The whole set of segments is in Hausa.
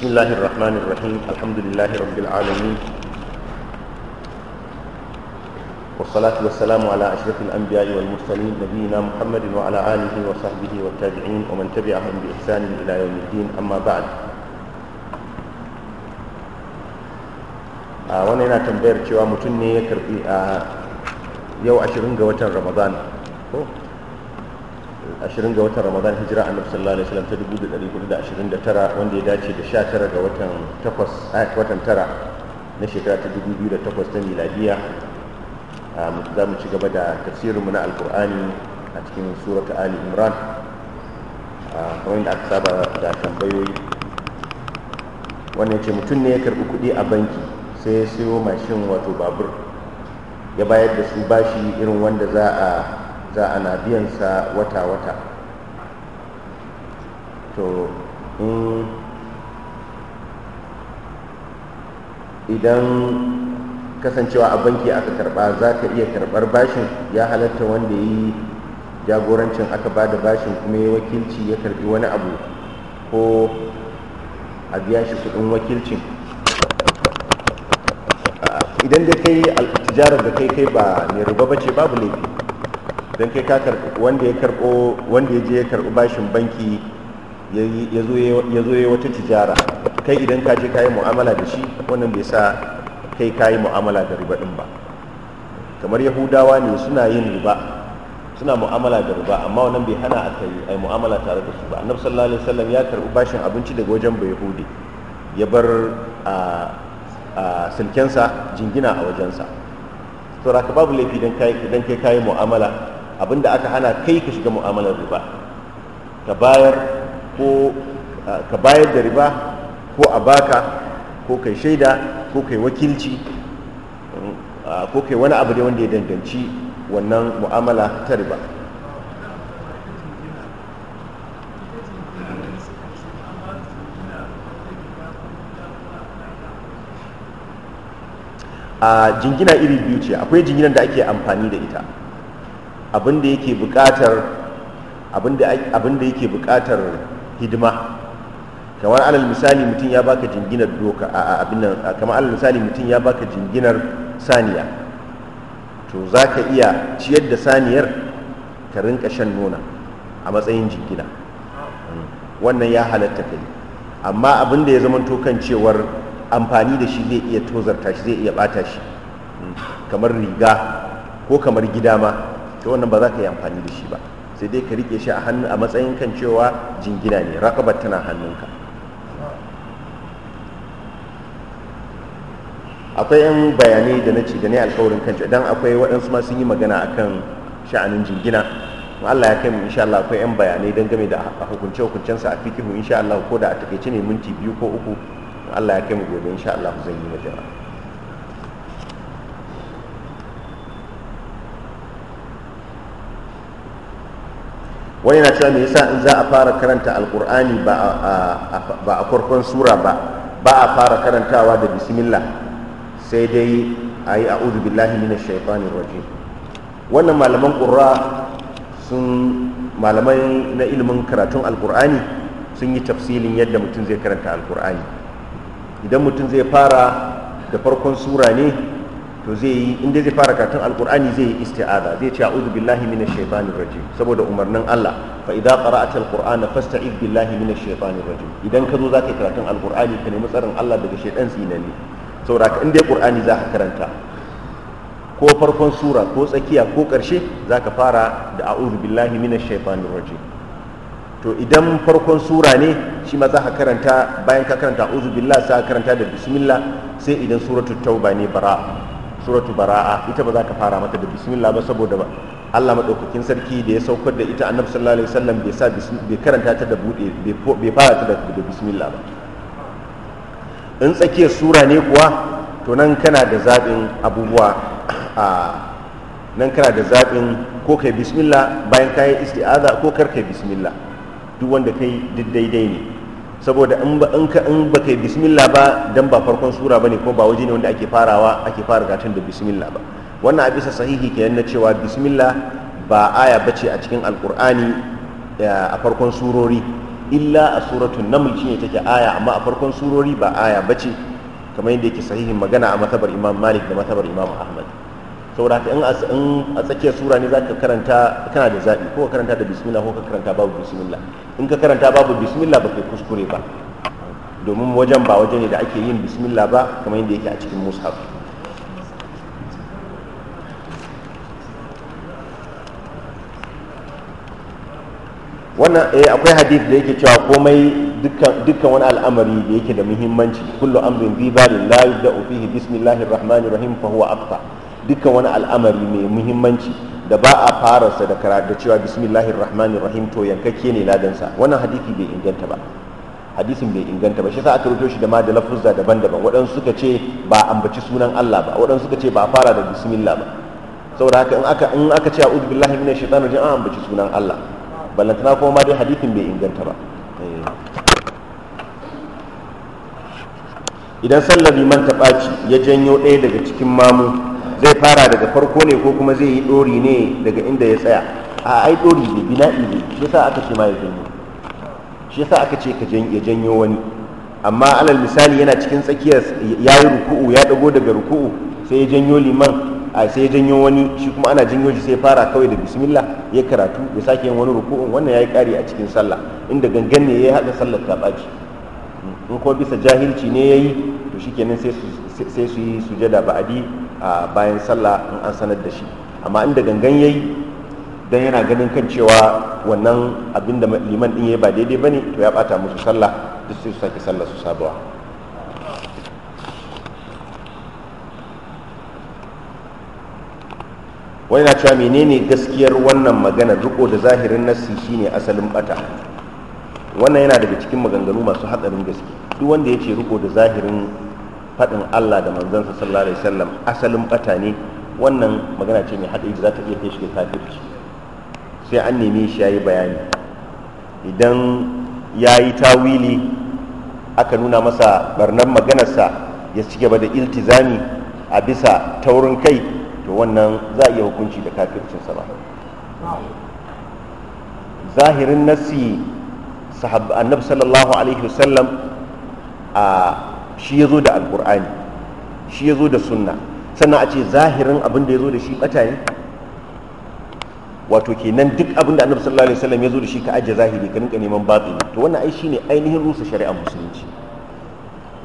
بسم الله الرحمن الرحيم الحمد لله رب العالمين والصلاة والسلام على أشرف الأنبياء والمرسلين نبينا محمد وعلى آله وصحبه والتابعين ومن تبعهم بإحسان إلى يوم الدين أما بعد آه، وانا yana tambayar cewa mutum ne ya karbi a ashirin ga watan ramadan hijira a nufsar lalai salam ta dubu da ɗari hudu da ashirin da tara wanda ya dace da sha tara ga watan takwas a watan tara na shekara ta dubu biyu da takwas ta miladiya za mu ci gaba da mu na alkur'ani a cikin surata ali imran kamar yadda aka saba da tambayoyi wannan ce mutum ne ya karɓi kuɗi a banki sai ya siyo mashin wato babur ya bayar da su bashi irin wanda za a za a ana biyansa wata-wata to in idan kasancewa a banki aka karba za ka iya karbar bashin ya halatta wanda yi jagorancin aka ba da bashin kuma ya wakilci ya karbi wani abu ko a biya shi kudin wakilcin idan da kai tijarar da kai kai ba mai ruba ba ce babu laifi don kai ka karɓi wanda ya karɓo wanda ya je ya karɓi bashin banki ya zo ya wata tijara kai idan ka je ka yi mu'amala da shi wannan bai sa kai ka yi mu'amala da riba ɗin ba kamar yahudawa ne suna yin riba suna mu'amala da riba amma wannan bai hana aka yi ai mu'amala tare da su ba annabi sallallahu alaihi wasallam ya karɓi bashin abinci daga wajen bai yahudi ya bar a silkensa jingina a wajensa to raka babu laifi idan kai mu'amala abinda aka hana kai ka shiga mu'amalar riba ka bayar ko ka bayar da riba ko a baka ko kai shaida ko kai wakilci mm, ko kai wani abu da wanda ya danganci wannan mu'amala ta riba a jingina iri biyu ce akwai jinginar da ake amfani da ita abin da yake buƙatar abin yake buƙatar hidima kamar alal misali mutum ya baka jinginar doka a abin nan kamar alal misali mutum ya baka jinginar saniya to za ka iya ciyar da saniyar ka rinka shan nuna a matsayin jingina wannan ya halatta kai amma abin da ya zama kan cewar amfani da shi zai iya tozarta shi zai iya bata shi kamar riga ko kamar gida ma to wannan ba za ka yi amfani da shi ba sai dai ka rike shi a hannu a matsayin kan cewa jingina ne rakabar tana hannunka akwai yan bayanai da na ci da ne alkawarin kan idan akwai waɗansu ma yi magana akan sha'anin jingina Allah ya kai mu insha Allah akwai yan bayanai don game da hukunce hukuncensa a fikihu insha Allah ko da a takaice ne minti biyu ko uku Allah ya kai mu gobe insha Allah zan yi majara wani yana cewa me yasa in za a fara karanta alkur'ani ba a farkon sura ba ba a fara karantawa da bismillah sai dai a yi a'udhu billahi minash shaitanir rajim wannan malaman ƙura, sun malamai na ilimin karatun alkur'ani sun yi tafsilin yadda mutum zai karanta alkur'ani idan mutum zai fara da farkon sura ne to zai yi inda zai fara karatun alkur'ani zai yi isti'aza zai ce a'udhu billahi minash shaitanir rajim saboda umarnin Allah fa idza qara'ata alqur'ana fasta'id billahi minash shaitanir rajim idan ka zo za ka karatun alkur'ani ka nemi tsarin Allah daga shaitan tsinani saboda ka inda qur'ani za ka karanta ko farkon sura ko tsakiya ko karshe za ka fara da a'udhu billahi minash shaitanir rajim to idan farkon sura ne shi ma za ka karanta bayan ka karanta a'udhu billahi sai ka karanta da bismillah sai idan suratul tauba ne bara suratu bara'a ita ba za ka fara mata da bismillah ba saboda ba Allah madaukakin sarki da ya saukar da ita annabi sallallahu alaihi wasallam bai sa bai karanta ta da bude bai fara ta da bismillah ba in tsakiyar sura ne kuwa to nan kana da zaɓin abubuwa a nan kana da zaɓin ko kai bismillah bayan kayan isti'aza ko kar kai bismillah duk wanda kai duk daidai ne saboda in ba in ka in kai bismillah ba dan ba farkon sura bane ko ba waje ne wanda ake farawa ake fara gatun da bismillah ba wannan a bisa sahihi kenan na cewa bismillah ba aya bace a cikin alqur'ani eh, a farkon surori illa a suratul naml shine take aya amma a farkon surori ba aya bace kamar yadda yake sahihin magana a matabar imam malik da matabar imam ahmad saboda haka in a tsakiyar sura ne ka karanta kana da zaɓi ko ka karanta da bismillah ko ka karanta babu bismillah in ka karanta babu bismillah ba kai kuskure ba domin wajen ba waje ne da ake yin bismillah ba kamar yadda yake a cikin mushaf wannan eh akwai hadith da yake cewa komai dukkan dukkan wani al'amari da yake da muhimmanci kullu amrin bi balin da yubda'u bismillahir rahmanir rahim fa huwa aqta dukkan wani al'amari mai muhimmanci da ba a sa da karatu da cewa bismillahir rahmanir rahim to yankakke ne ladansa wannan hadisi bai inganta ba hadisin bai inganta ba shi sa aka rubuto shi da ma da lafuzza daban-daban waɗansu suka ce ba ambaci sunan Allah ba waɗansu suka ce ba fara da bismillah ba saboda haka in aka in aka ce a'udhu billahi minash shaitanir rajim an ambaci sunan Allah ballantana kuma ma dai hadisin bai inganta ba eh. idan sallar liman ta ɓaci ya janyo ɗaya daga cikin mamu zai fara daga farko ne ko kuma zai yi dori ne daga inda ya tsaya a ai dori ne bina ne shi yasa aka ce ma ya janyo shi yasa aka ce ka ya janyo wani amma alal misali yana cikin tsakiyar ya yi ruku'u ya dago daga ruku'u sai ya janyo liman a sai ya janyo wani shi kuma ana janyo shi sai fara kawai da bismillah ya karatu ya sake yin wani ruku'un wannan ya yi kari a cikin sallah inda gangan ne ya haɗa sallar ta ɓaci in kuma bisa jahilci ne ya yi to shikenan sai su yi sujada ba'adi bayan sallah in an sanar da shi amma inda gangan yayi dan yana ganin kan cewa wannan abinda da liman din yayi ba daidai bane to ya bata musu sallah duk sai su sake sallah su sabuwa wani na cewa menene gaskiyar wannan magana riko da zahirin nassi shine asalin bata wannan yana daga cikin maganganu masu hatsarin gaske duk wanda ya ce riko da zahirin faɗin Allah da manzansa sallallahu alaihi wasallam asalin bata ne wannan magana ce mai haɗari da za ta iya kai shi ga kafirci sai an nemi shi yayi bayani idan yayi tawili aka nuna masa barnar maganarsa ya ci gaba da iltizami a bisa taurin kai to wannan za a iya hukunci da sa ba zahirin nasi annabi sallallahu alaihi wasallam a shi ya zo da alkur'ani shi ya zo da sunna sannan a ce zahirin abin da ya zo da shi bata ne wato kenan duk abin da annabi sallallahu alaihi wasallam ya zo da shi ka ajiye zahiri ka rinka neman batini to wannan ai shine ainihin rusa shari'ar musulunci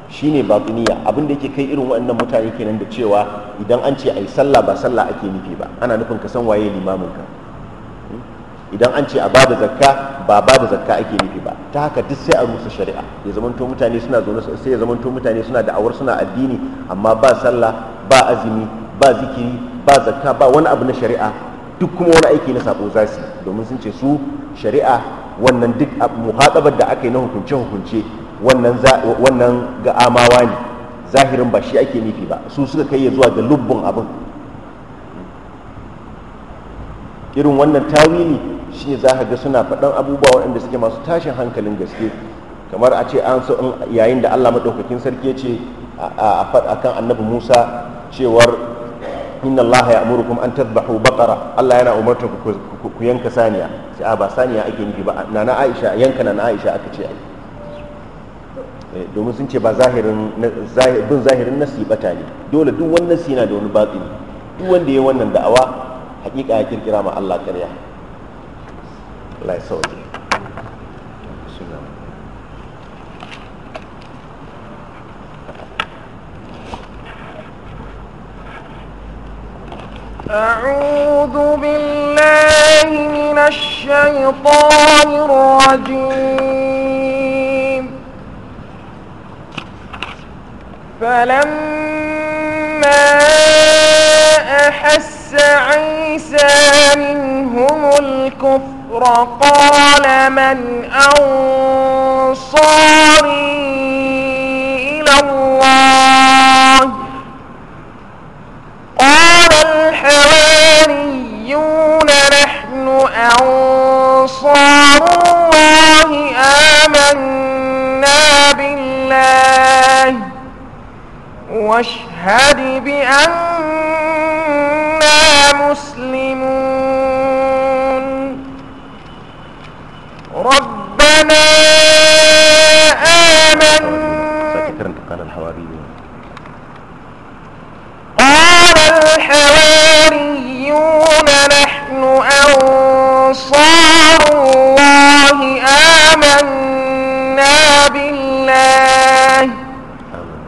shine batiniya abin da yake kai irin waɗannan mutane kenan da cewa idan an ce ai sallah ba sallah ake nufi ba ana nufin ka san waye limamin ka idan an ce a ba da zakka ba ba da zakka ake nufi ba ta haka duk sai a rusa shari'a ya zamanto mutane suna zaune sai ya zamanto mutane suna awar suna addini amma ba sallah ba azumi ba zikiri ba zakka ba wani abu na shari'a duk kuma wani aiki na sabo za domin sun ce su shari'a wannan duk muhatabar da aka yi na hukunce hukunce wannan wannan ga amawa ne zahirin ba shi ake nufi ba su suka kai zuwa ga lubbun abin irin wannan tawili shine za ka ga suna faɗan abubuwa waɗanda suke masu tashin hankalin gaske kamar a ce an so yayin da Allah maɗaukakin sarki ya ce a kan annabi Musa cewar inna allaha kuma an tadhbahu baqara Allah yana umarta ku yanka saniya sai a ba saniya ake nufi ba na Aisha yanka na Aisha aka ce eh, domin sun ce ba zahirin bin nasi bata ne dole duk wani nasi yana da wani batsi duk wanda ya yi wannan da'awa حقيقة يجير كرامة الله كريا لا يسوي أعوذ بالله من الشيطان الرجيم فلما أحس مس عيسى منهم الكفر قال من أنصاري إلى الله قال الحواريون نحن أنصار الله آمنا بالله واشهد بأننا مسلمون ربنا آمنا قال الحواريون قال الحواريون نحن أنصار الله آمنا بالله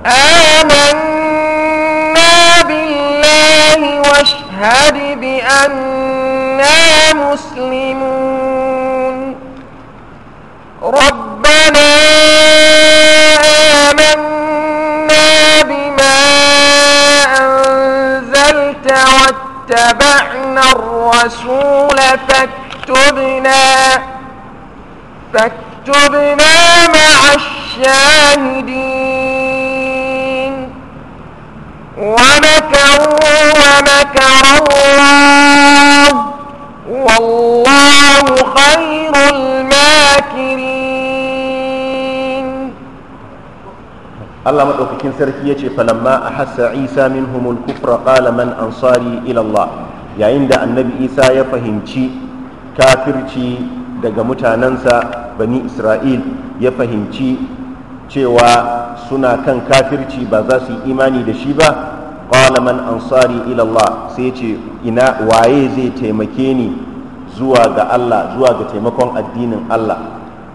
آمنا بالله واشهد بأننا مسلمون ربنا آمنا بما أنزلت واتبعنا الرسول فاكتبنا فاكتبنا مع الشاهدين ومكروا ومكر الله والله خير الماكرين الله مدوكين سركي يجي فلما أحس عيسى منهم الكفر قال من أنصاري إلى الله يا عند النبي عيسى يفهمشي كافرشي daga mutanensa bani isra'il ya fahimci cewa suna kan kafirci ba za su yi imani da shi ba qala man ansari ila Allah sai ce ina waye zai taimake ni zuwa ga Allah zuwa ga taimakon addinin Allah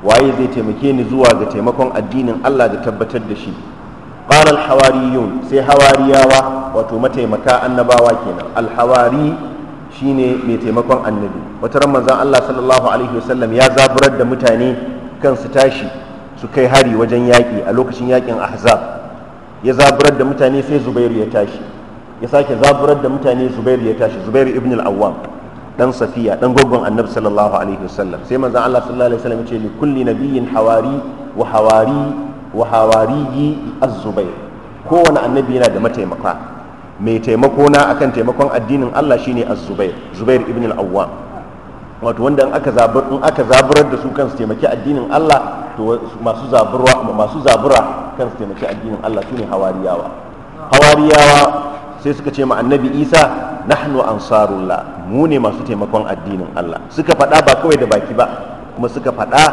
waye zai taimake ni zuwa ga taimakon addinin Allah da tabbatar da shi qala al hawariyun sai hawariyawa wato mataimaka annabawa kenan al hawari shine mai taimakon annabi wata ran manzon Allah sallallahu alaihi wasallam ya zaburar da mutane kan su tashi su kai hari wajen yaƙi a lokacin yaƙin ahzab ya zaburar da mutane sai zubairu ya tashi ya sake zaburar da mutane zubairu ya tashi zubairu ibn al-awwam dan safiya dan gwaggon annabi sallallahu alaihi wasallam sai manzon Allah sallallahu alaihi wasallam ya ce li kulli nabiyyin hawari wa hawari wa hawariyi az-zubair kowane annabi yana da mataimaka mai taimako na akan taimakon addinin Allah shine az-zubair zubair ibn al-awwam wato wanda in aka zabar in aka zaburar da su kansu taimaki addinin Allah to masu zabura masu zabura kan su taimaki addinin Allah sune hawariyawa hawariyawa sai suka ce ma annabi Isa nahnu ansarullah mu ne masu taimakon addinin Allah suka faɗa ba kawai da baki ba kuma suka faɗa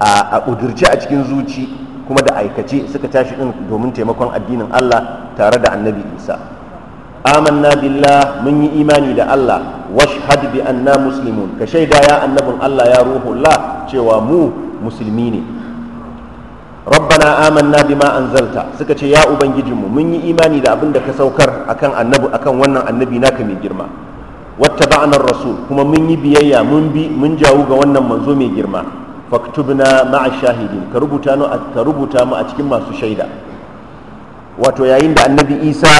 a ƙudirce a cikin zuci kuma da aikace suka tashi din domin taimakon addinin Allah tare da annabi Isa amanna billah mun yi imani da Allah washhad bi anna muslimun ka shaida ya annabin Allah ya ruhullah cewa mu musulmi ne rabbana amanna bima anzalta suka ce ya ubangijinmu mun yi imani da abin da ka saukar akan annabi akan wannan annabi naka mai girma wattaba'na rasul kuma mun yi biyayya mun bi mun jawo ga wannan manzo mai girma faktubna ma'a shahidin ka rubuta mu ka rubuta mu a cikin masu shaida wato yayin da annabi isa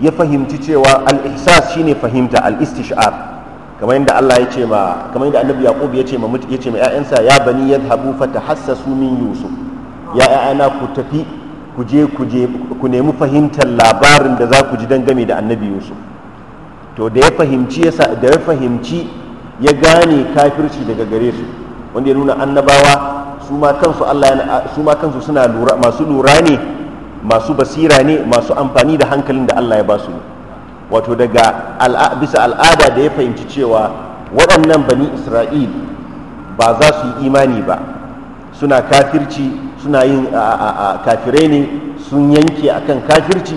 ya fahimci cewa al-ihsas shine fahimta al-istishar kamar yadda Allah ya ce ma kamar yadda Annabi Yaqub ya ce ma ya ce ma ƴaƴansa ya bani yadhabu fatahassasu min Yusuf ya ƴaƴana ku tafi ku je ku je ku nemi fahimtar labarin da za ku ji dangane da Annabi Yusuf to da ya fahimci yasa da ya fahimci ya gane kafirci daga gare su wanda ya nuna annabawa su ma kansu Allah su ma kansu suna lura masu lura ne masu basira ne masu amfani da hankalin da Allah ya ba su ne wato daga bisa al'ada da ya fahimci cewa waɗannan bani isra'il ba za su yi imani ba suna kafirci suna yin kafirai ne sun yanke akan kafirci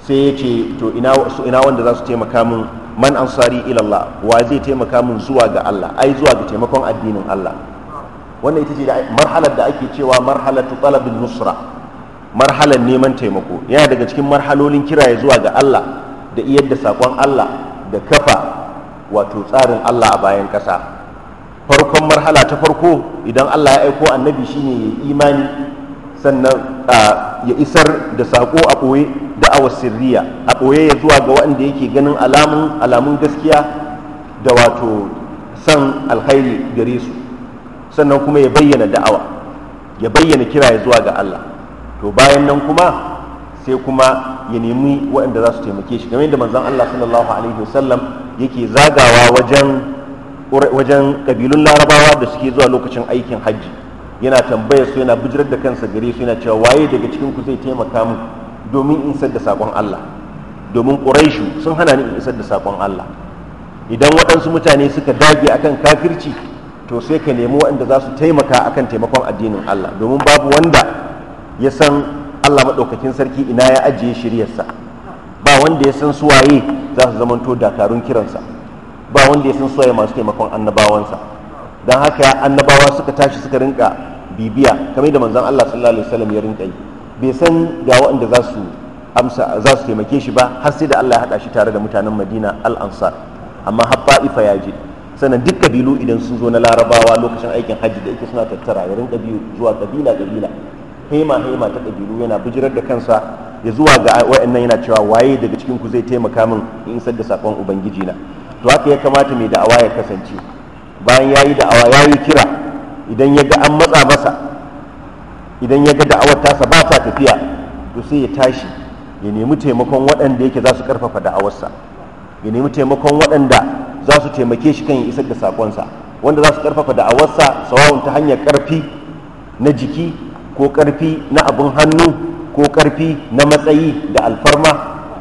sai ya ce to ina wanda za su taimaka min man ansari ilallah wa zai taimaka min zuwa ga Allah ai zuwa ga taimakon addinin Allah wannan ita ce marhalar da ake cewa marhalar talabin nusra marhalar neman taimako yana daga cikin marhalolin kiraye zuwa ga Allah da iyar da saƙon Allah da kafa wato tsarin Allah a bayan ƙasa farkon marhala ta farko idan Allah ya aiko annabi shine ya imani sannan ya isar da saƙo a ɓoye da'awar sirriya a ɓoye ya zuwa ga wanda yake ganin alamun alamun gaskiya da wato san alkhairi gare su sannan kuma ya bayyana da'awa ya bayyana kira ya zuwa ga Allah to bayan nan kuma sai kuma ya nemi waɗanda za su taimake shi game da manzan Allah sallallahu alaihi wasallam yake zagawa wajen wajen kabilun larabawa da suke zuwa lokacin aikin hajji yana tambayar su yana bijirar da kansa gare su yana cewa waye daga cikin ku zai taimaka mu domin in isar da sakon Allah domin ƙuraishu sun hana ni in isar da sakon Allah idan waɗansu mutane suka dage akan kafirci to sai ka nemi waɗanda za su taimaka akan taimakon addinin Allah domin babu wanda ya san Allah maɗaukakin sarki ina ya ajiye shiryarsa ba wanda ya san suwaye za su zamanto dakarun kiransa ba wanda ya san suwaye masu taimakon annabawansa don haka annabawa suka tashi suka rinka bibiya kamar da manzon Allah sallallahu alaihi wasallam ya rinka yi bai san ga waɗanda za su amsa za taimake shi ba har sai da Allah ya haɗa shi tare da mutanen Madina al-Ansar amma haɓɓa ifa ya je sannan duk kabilu idan sun zo na larabawa lokacin aikin hajji da yake suna tattara ya rinka biyu zuwa kabila kabila hema hema ta ƙabilu yana bijirar da kansa ya zuwa ga wa'annan yana cewa waye daga cikin ku zai taimaka min in isar da sakon ubangiji na to haka ya kamata mai da'awa ya kasance bayan yayi da'awa yayi kira idan ya ga an matsa masa idan ya ga da'awar tasa ba ta tafiya to sai ya tashi ya nemi taimakon waɗanda yake za su ƙarfafa da'awarsa ya nemi taimakon waɗanda za su taimake shi kan ya isar da sakonsa wanda za su ƙarfafa da'awarsa sawawun ta hanyar ƙarfi na jiki ko karfi na abin hannu ko karfi na matsayi da alfarma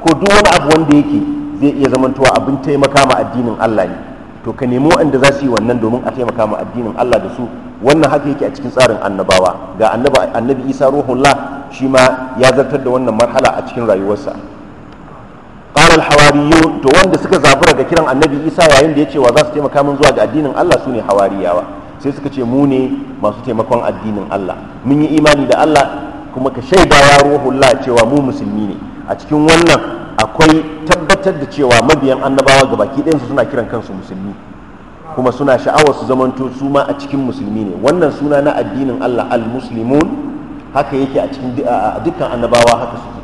ko duk wani abu wanda yake zai iya zamantowa abin taimaka ma addinin Allah ne to ka nemi wanda za su yi wannan domin a taimaka ma addinin Allah da su wannan haka yake a cikin tsarin annabawa ga annabi Isa ruhullah shi ma ya zartar da wannan marhala a cikin rayuwarsa ƙarar al to wanda suka zabura ga kiran annabi Isa yayin da ya ce wa za su taimaka min zuwa ga addinin Allah su sune hawariyawa sai suka ce mu ne masu taimakon addinin Allah mun yi imani da Allah kuma ka shaida ya ruhullah cewa mu musulmi ne a cikin wannan akwai tabbatar da cewa mabiyan annabawa ga baki ɗayansu suna kiran kansu musulmi kuma suna sha'awar su zamanto su ma a cikin musulmi ne wannan suna na addinin Allah al-muslimun haka yake a cikin dukkan annabawa haka suke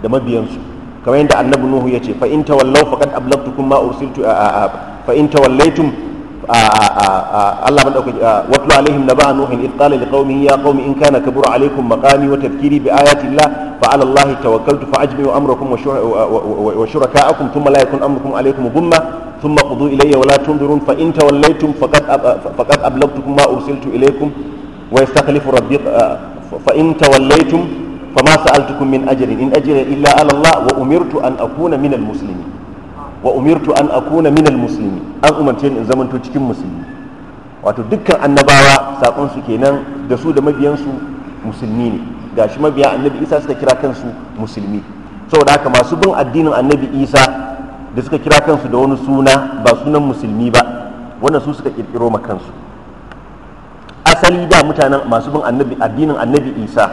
da mabiyansu kamar yadda annabi nuhu ya ce fa in tawallaw faqad ablagtukum ma ursiltu fa in tawallaytum Allah madaukaki na alaihim naba nuhin id qala liqaumihi ya qaumi in kana kabura alaikum maqami wa tadhkiri bi ayati llah fa ala allah tawakkaltu fa ajmi'u amrakum wa shuraka'akum thumma la yakun amrukum alaikum dhumma thumma qudu ilayya wa la tunzirun fa in tawallaytum faqad ilaykum rabbi فما سألتكم من أجر إن أجر إلا على الله وأمرت أن أكون من المسلمين wa umirtu an akuna minal musulmi an umarce ni in zamanto cikin musulmi wato dukkan annabawa sakon su kenan da su da su musulmi ne gashi mabiya annabi isa suka kira kansu musulmi saboda haka masu bin addinin annabi isa da suka kira kansu da wani suna ba sunan musulmi ba wannan su suka kirkiro ma kansu asali da mutanen masu bin addinin annabi isa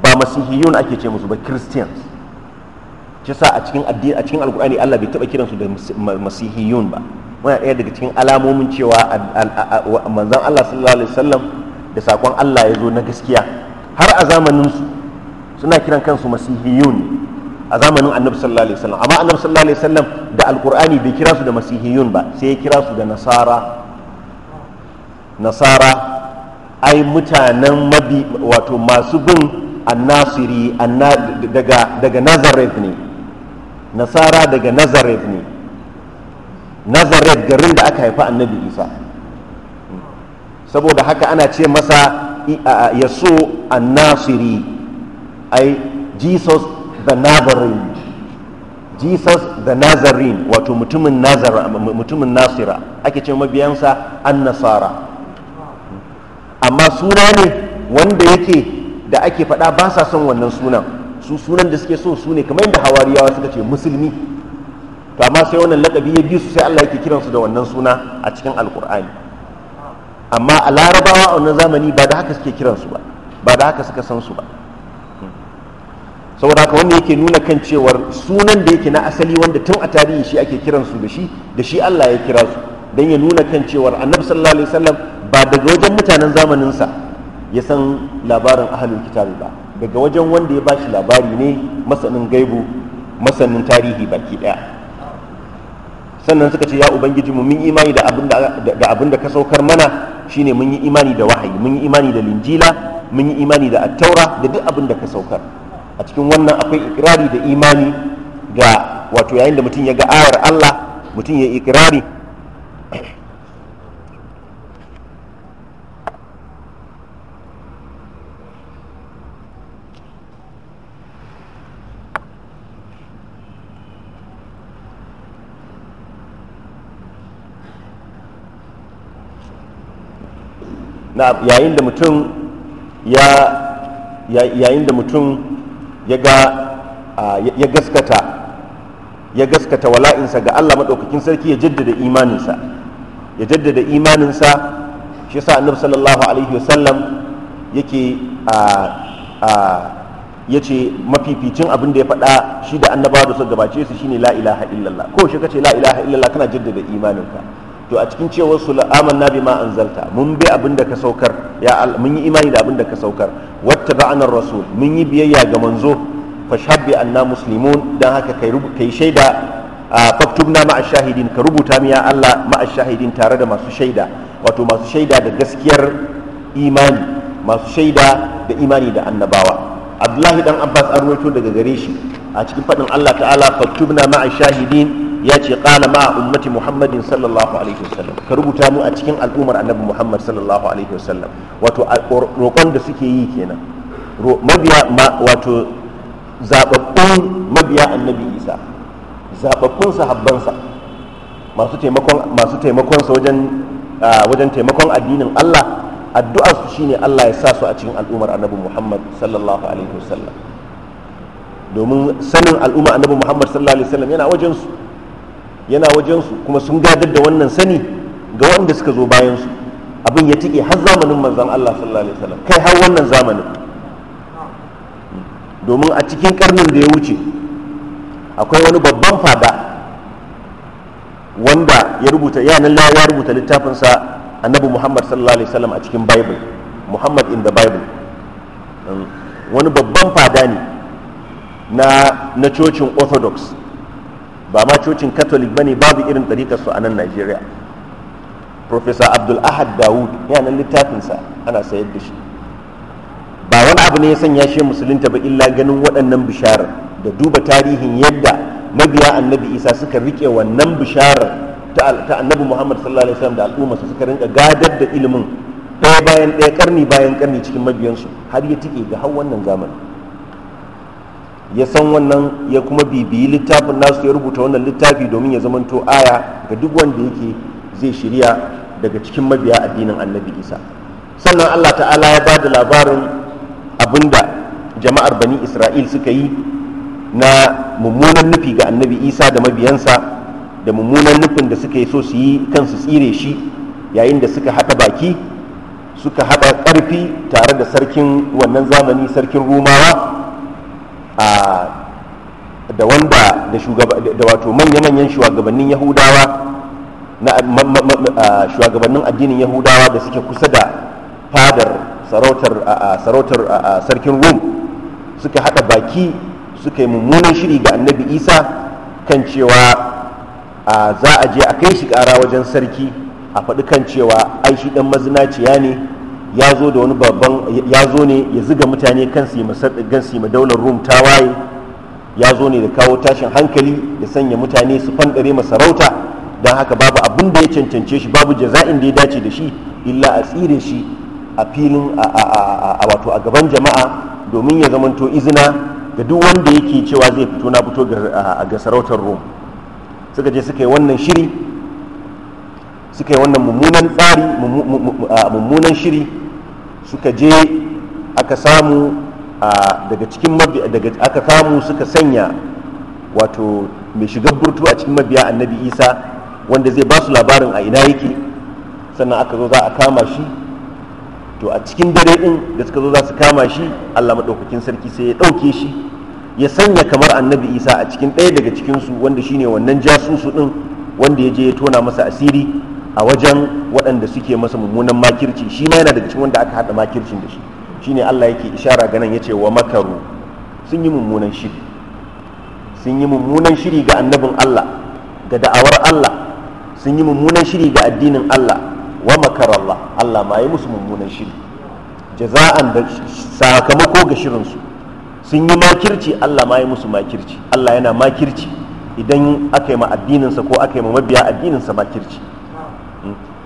ba masihiyun ake ce musu ba christians shi sa a cikin addini a cikin alkur'ani Allah bai taba kiransu da masihiyun ba wannan ɗaya daga cikin alamomin cewa manzon Allah sallallahu alaihi wasallam da sakon Allah ya zo na gaskiya har a zamanin su suna kiran kansu masihiyun a zamanin annabi sallallahu alaihi wasallam amma annabi sallallahu alaihi wasallam da alkur'ani bai kira su da masihiyun ba sai ya kira su da nasara nasara ai mutanen mabi wato masu bin annasiri daga nazareth ne nasara daga nazareth ne nazareth garin da aka haifa annabi isa saboda haka ana ce masa yaso annasiri ai jesus the nazarene jesus the nazarene wato mutumin mutumin nasira ake ce mabiyansa annasara amma suna ne wanda yake da ake faɗa ba sa son wannan sunan su sunan da suke so su ne kamar yadda hawariyawa suka ce musulmi to amma sai wannan lakabi ya bi su sai Allah yake kiransu da wannan suna a cikin alkur'ani amma a larabawa a wannan zamani ba da haka suke kiransu ba ba da haka suka san su ba saboda haka wanda yake nuna kan cewar sunan da yake na asali wanda tun a tarihi shi ake kiransu da shi da shi Allah ya kira su don ya nuna kan cewar annabi sallallahu alaihi wasallam ba daga wajen mutanen zamanin sa ya san labarin ahalin kitabi ba daga wajen wanda ya bashi labari ne masanin gaibu masanin tarihi baki daya sannan suka ce ya ubangiji mu mun imani da abin da abin da ka saukar mana shine mun yi imani da wahayi mun yi imani da linjila mun yi imani da attaura da duk abin da ka saukar a cikin wannan akwai ikirari da imani ga wato yayin da mutum ya ga ayar Allah mutum ya ikirari yayin da mutum ya gaskata ya gaskata wala'insa ga Allah maɗaukakin sarki ya jaddada imaninsa ya jaddada imaninsa shi sa annabi sallallahu alaihi wasallam yake a ya ce mafificin abin da ya faɗa shi da annabawa da suka gabace su shine la ilaha illallah ko shi kace la ilaha illallah kana jaddada imaninka to a cikin cewar su amanna an zalta mun bi abin da ka saukar ya mun yi imani da abin da ka saukar wattaba'ana rasul mun yi biyayya ga manzo fashabbi anna muslimun dan haka kai kai shaida faktubna ma'a shahidin ka rubuta mu ya Allah ma'a shahidin tare da masu shaida wato masu shaida da gaskiyar imani masu shaida da imani da annabawa abdullahi dan abbas an daga gare shi a cikin faɗin allah ta'ala faktubna ma'a shahidin ya ce qala ma ummati muhammadin sallallahu alaihi wasallam ka rubuta mu a cikin al'ummar annabi muhammad sallallahu alaihi wasallam wato roƙon da suke yi kenan mabiya wato zababbun mabiya annabi isa zababbun sahabbansa masu taimakon masu taimakon sa wajen wajen taimakon addinin Allah addu'ar su shine Allah ya sa su a cikin al'ummar annabi muhammad sallallahu alaihi wasallam domin sanin al'umma annabi muhammad sallallahu alaihi wasallam yana wajen su yana wajensu kuma sun gadar da wannan sani ga wanda suka zo bayansu abin ya tike har zamanin manzan Allah sallallahu alaihi wasallam kai har wannan zamanin domin a cikin karnin da ya wuce akwai wani babban fada wanda ya rubuta yanan ya rubuta littafinsa annabi Muhammad sallallahu alaihi wasallam a cikin bible Muhammad in the bible um, wani babban fada ne na na cocin orthodox ba ma cocin ba ne babu irin su a nan najeriya professor abdul ahad dawud yanan littafinsa ana sayar da shi ba wani abu ne ya sanya shi musulunta ba illa ganin waɗannan bisharar da duba tarihin yadda mabiya annabi isa suka rike wannan bisharar ta annabi muhammad sallallahu alaihi wasallam da su suka rinka gadar da ilimin ɗaya bayan ɗaya karni bayan karni cikin mabiyansu har ya tike ga har wannan zamani ya san wannan ya kuma bibiyi littafin nasu ya rubuta wannan littafi domin ya zamanto aya ga duk wanda yake zai shirya daga cikin mabiya addinin annabi isa sannan allah ta'ala ya ba da labarin abinda jama'ar bani isra'il suka yi na mummunan nufi ga annabi isa da mabiyansa da mummunan nufin da suka yi so su yi kansu tsire shi yayin da suka haɗa baki suka haɗa ƙarfi tare da sarkin wannan zamani sarkin rumawa da wanda da wato manya-manyan shugabannin yahudawa na shugabannin addinin yahudawa da suke kusa da fadar sarautar sarautar sarkin rum suka hada baki suka yi mummunan shiri ga annabi isa kan cewa za a je a kai shi kara wajen sarki a faɗi kan cewa ai shi ɗan mazinaciya ne ya zo da wani babban ya zo ne ya ziga mutane kan su yi daular rum ta waye ya zo ne da kawo tashin hankali da sanya mutane su fanɗare masarauta don haka babu abin da ya cancance shi babu jaza'in da ya dace da shi illa a tsire shi a filin a wato a gaban jama'a domin ya zamanto izina ga duk wanda yake cewa zai fito na fito ga sarautar rum suka je suka yi wannan shiri suka yi wannan mummunan tsari mummunan shiri suka je aka samu daga cikin aka samu suka sanya wato mai shigar burtu a cikin mabiya annabi isa wanda zai ba su labarin a ina yake sannan aka zo za a kama shi to a cikin dare din da suka zo za su kama shi allah maɗaukakin sarki sai ya ɗauke shi ya sanya kamar annabi isa a cikin ɗaya daga cikinsu wanda shine wannan jasusu ɗin wanda ya je ya tona masa asiri a wajen waɗanda suke masa mummunan makirci shi ma yana daga cikin wanda aka haɗa makircin da shi shine Allah yake ishara ga nan yace wa makaru sun yi mummunan shiri sun yi mummunan shiri ga annabin Allah ga da'awar Allah sun yi mummunan shiri ga addinin Allah wa makar Allah Allah ma yi musu mummunan shiri jaza'an da sakamako ga shirinsu sun yi makirci Allah ma yi musu makirci Allah yana makirci idan aka yi ma addininsa ko aka yi ma mabiya addininsa makirci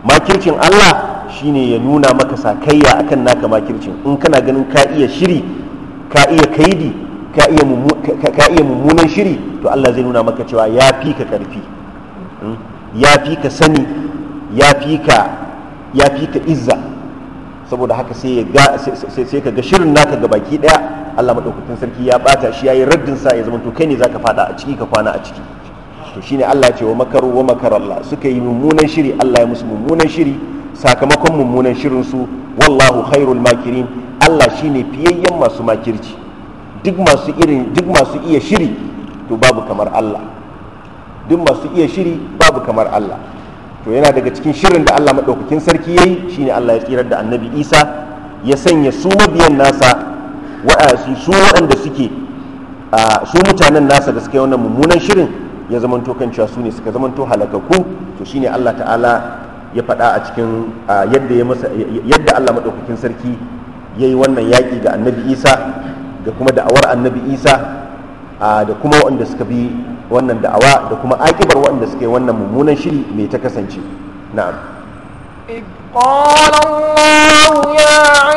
makircin Allah shine ya nuna maka sakayya akan naka makircin in kana ganin ka iya shiri ka iya kaidi ka iya mummunan shiri to Allah zai nuna maka cewa ya fi ka karfi hmm? ya fi ka sani ya fi ka izza saboda haka sai ka ga shirin naka ga baki daya Allah maɗaukakin sarki ya bata shi ya yi raddin sa ya zama to kai ne zaka fada a ciki ka kwana a ciki to shine Allah ce wa makaru wa makar suka yi mummunan shiri Allah ya musu mummunan shiri sakamakon mummunan shirin su wallahu khairul makirin Allah shine fiyayyen masu makirci duk masu irin iya shiri to babu kamar Allah duk masu iya shiri babu kamar Allah to yana daga cikin shirin da Allah maɗaukakin sarki ya yi shine Allah ya tsirar da annabi Isa ya sanya su mabiyan nasa su waɗanda suke su mutanen nasa da suka yi wannan mummunan shirin ya zamanto kan cewa su ne suka zamanto halakakku to shine Allah ta'ala ya faɗa a cikin yadda ya masa yadda Allah madaukakin sarki yayi wannan yaƙi ga Annabi Isa da kuma da'awar Annabi Isa da kuma waɗanda suka bi wannan da'awa da kuma akibar waɗanda suka yi wannan mummunan shiri mai ta kasance na'am قال الله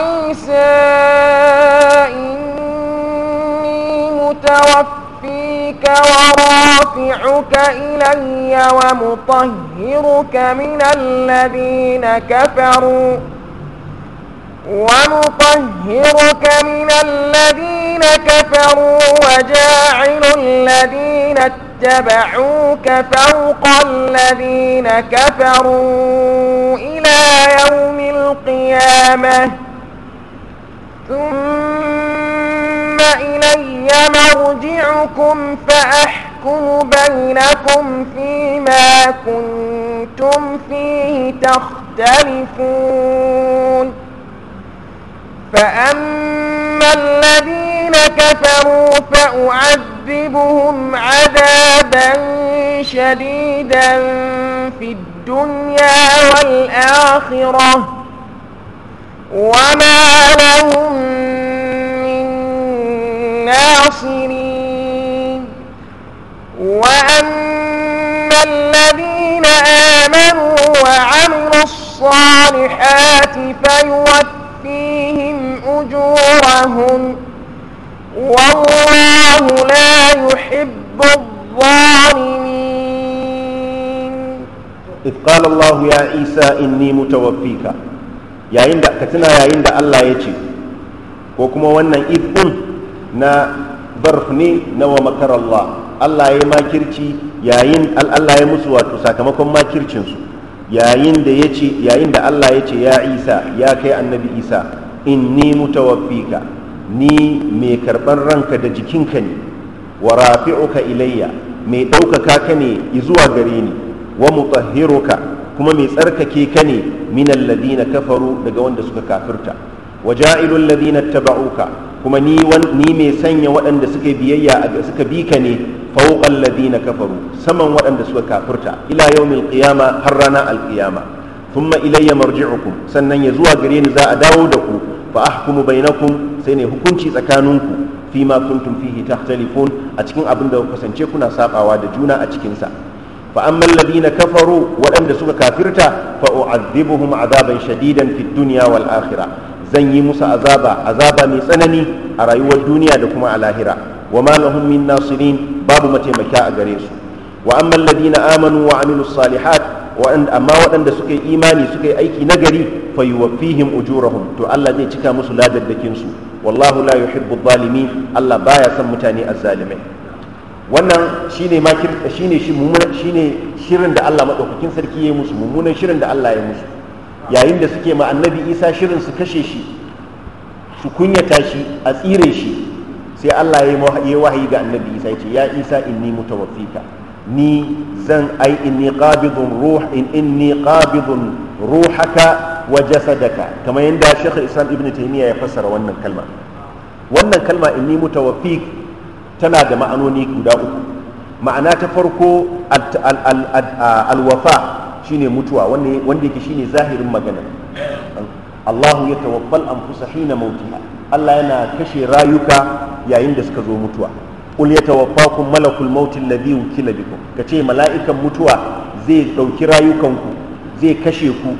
بك ورافعك إلي ومطهرك من الذين كفروا ومطهرك من الذين كفروا وجاعل الذين اتبعوك فوق الذين كفروا إلى يوم القيامة ثم إلي مرجعكم فأحكم بينكم فيما كنتم فيه تختلفون فأما الذين كفروا فأعذبهم عذابا شديدا في الدنيا والآخرة وما لهم الخاسرين وأما الذين آمنوا وعملوا الصالحات فيوفيهم أجورهم والله لا يحب الظالمين إذ قال الله يا عيسى إني متوفيك يا عند كتنا يا عند الله يجي وكما وانا إذ na barf ne na wa makar Allah Allah ya makirci yayin Allah ya musu wato sakamakon makircinsu yayin da yayin da Allah ya ce ya Isa ya kai annabi Isa inni mutawaffika ni mai karɓar ranka da jikinka ne wa rafi'uka ilayya mai ɗaukaka ka ne zuwa gare ni wa mutahhiruka kuma mai tsarkake ka ne min ladina kafaru daga wanda suka kafirta wa ja'ilul ladina taba'uka kuma ni ni mai sanya waɗanda suka biyayya suka bi ka ne fawqal ladina kafaru saman waɗanda suka kafirta ila yawmil qiyama har rana alqiyama thumma ilayya marji'ukum sannan ya zuwa gare ni za a dawo da ku fa ahkumu bainakum sai ne hukunci tsakaninku fi ma kuntum fihi tahtalifun a cikin abin da kasance kuna sabawa da juna a cikin sa fa ammal ladina kafaru waɗanda suka kafirta fa u'adhibuhum azaban shadidan fid dunya wal akhirah zan yi musu azaba azaba mai tsanani a rayuwar duniya da kuma a lahira wa ma lahum min nasirin babu mataimaka a gare su wa amma alladhina amanu wa Aminu salihat wa amma waɗanda suka yi imani suka yi aiki nagari fa yuwaffihim ujurahum to Allah zai cika musu ladaddakin su wallahu la yuhibbu zalimin Allah baya son mutane azzalimai wannan shine makir shine shi shine shirin da Allah madaukakin sarki ya yi musu mummunan shirin da Allah ya yi musu yayin da suke ma isa shirin su kashe shi su kunyata shi a tsire shi sai allah ya yi wahayi ga annabi isa ya ce ya isa inni mutawaffika ni zan ai inni qabidun ruh in inni qabidun ruhaka wa jasadaka kama yadda shekhu islam ibn taymiya ya fassara wannan kalma wannan kalma inni mutawaffik tana da ma'anoni guda uku ma'ana ta farko alwafa shine mutuwa wanda yake shine zahirin magana Allahu ya tawaffal anfusa hina mautiha Allah yana kashe rayuka yayin da suka zo mutuwa qul yatawaffakum malakul maut alladhi wukila bikum kace mala'ikan mutuwa zai dauki rayukanku zai kashe ku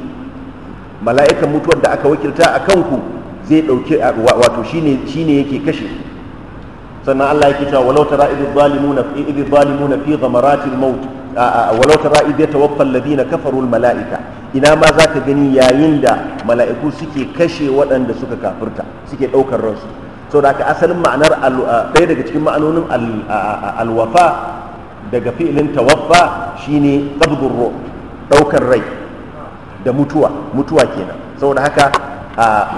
mala'ikan mutuwar da aka wakilta a kanku zai dauki wato shine shine yake kashe sannan Allah yake cewa walau tara idh zalimuna fi idh zalimuna fi ghamaratil maut walau tara idh yatawaffa alladhina kafaru al malaika ina ma zaka gani yayin da mala'iku suke kashe waɗanda suka kafirta suke ɗaukar ransu so da asalin ma'anar ɗaya daga cikin ma'anonin alwafa daga fi'ilin tawaffa shine qabdur ruh ɗaukar rai da mutuwa mutuwa kenan saboda haka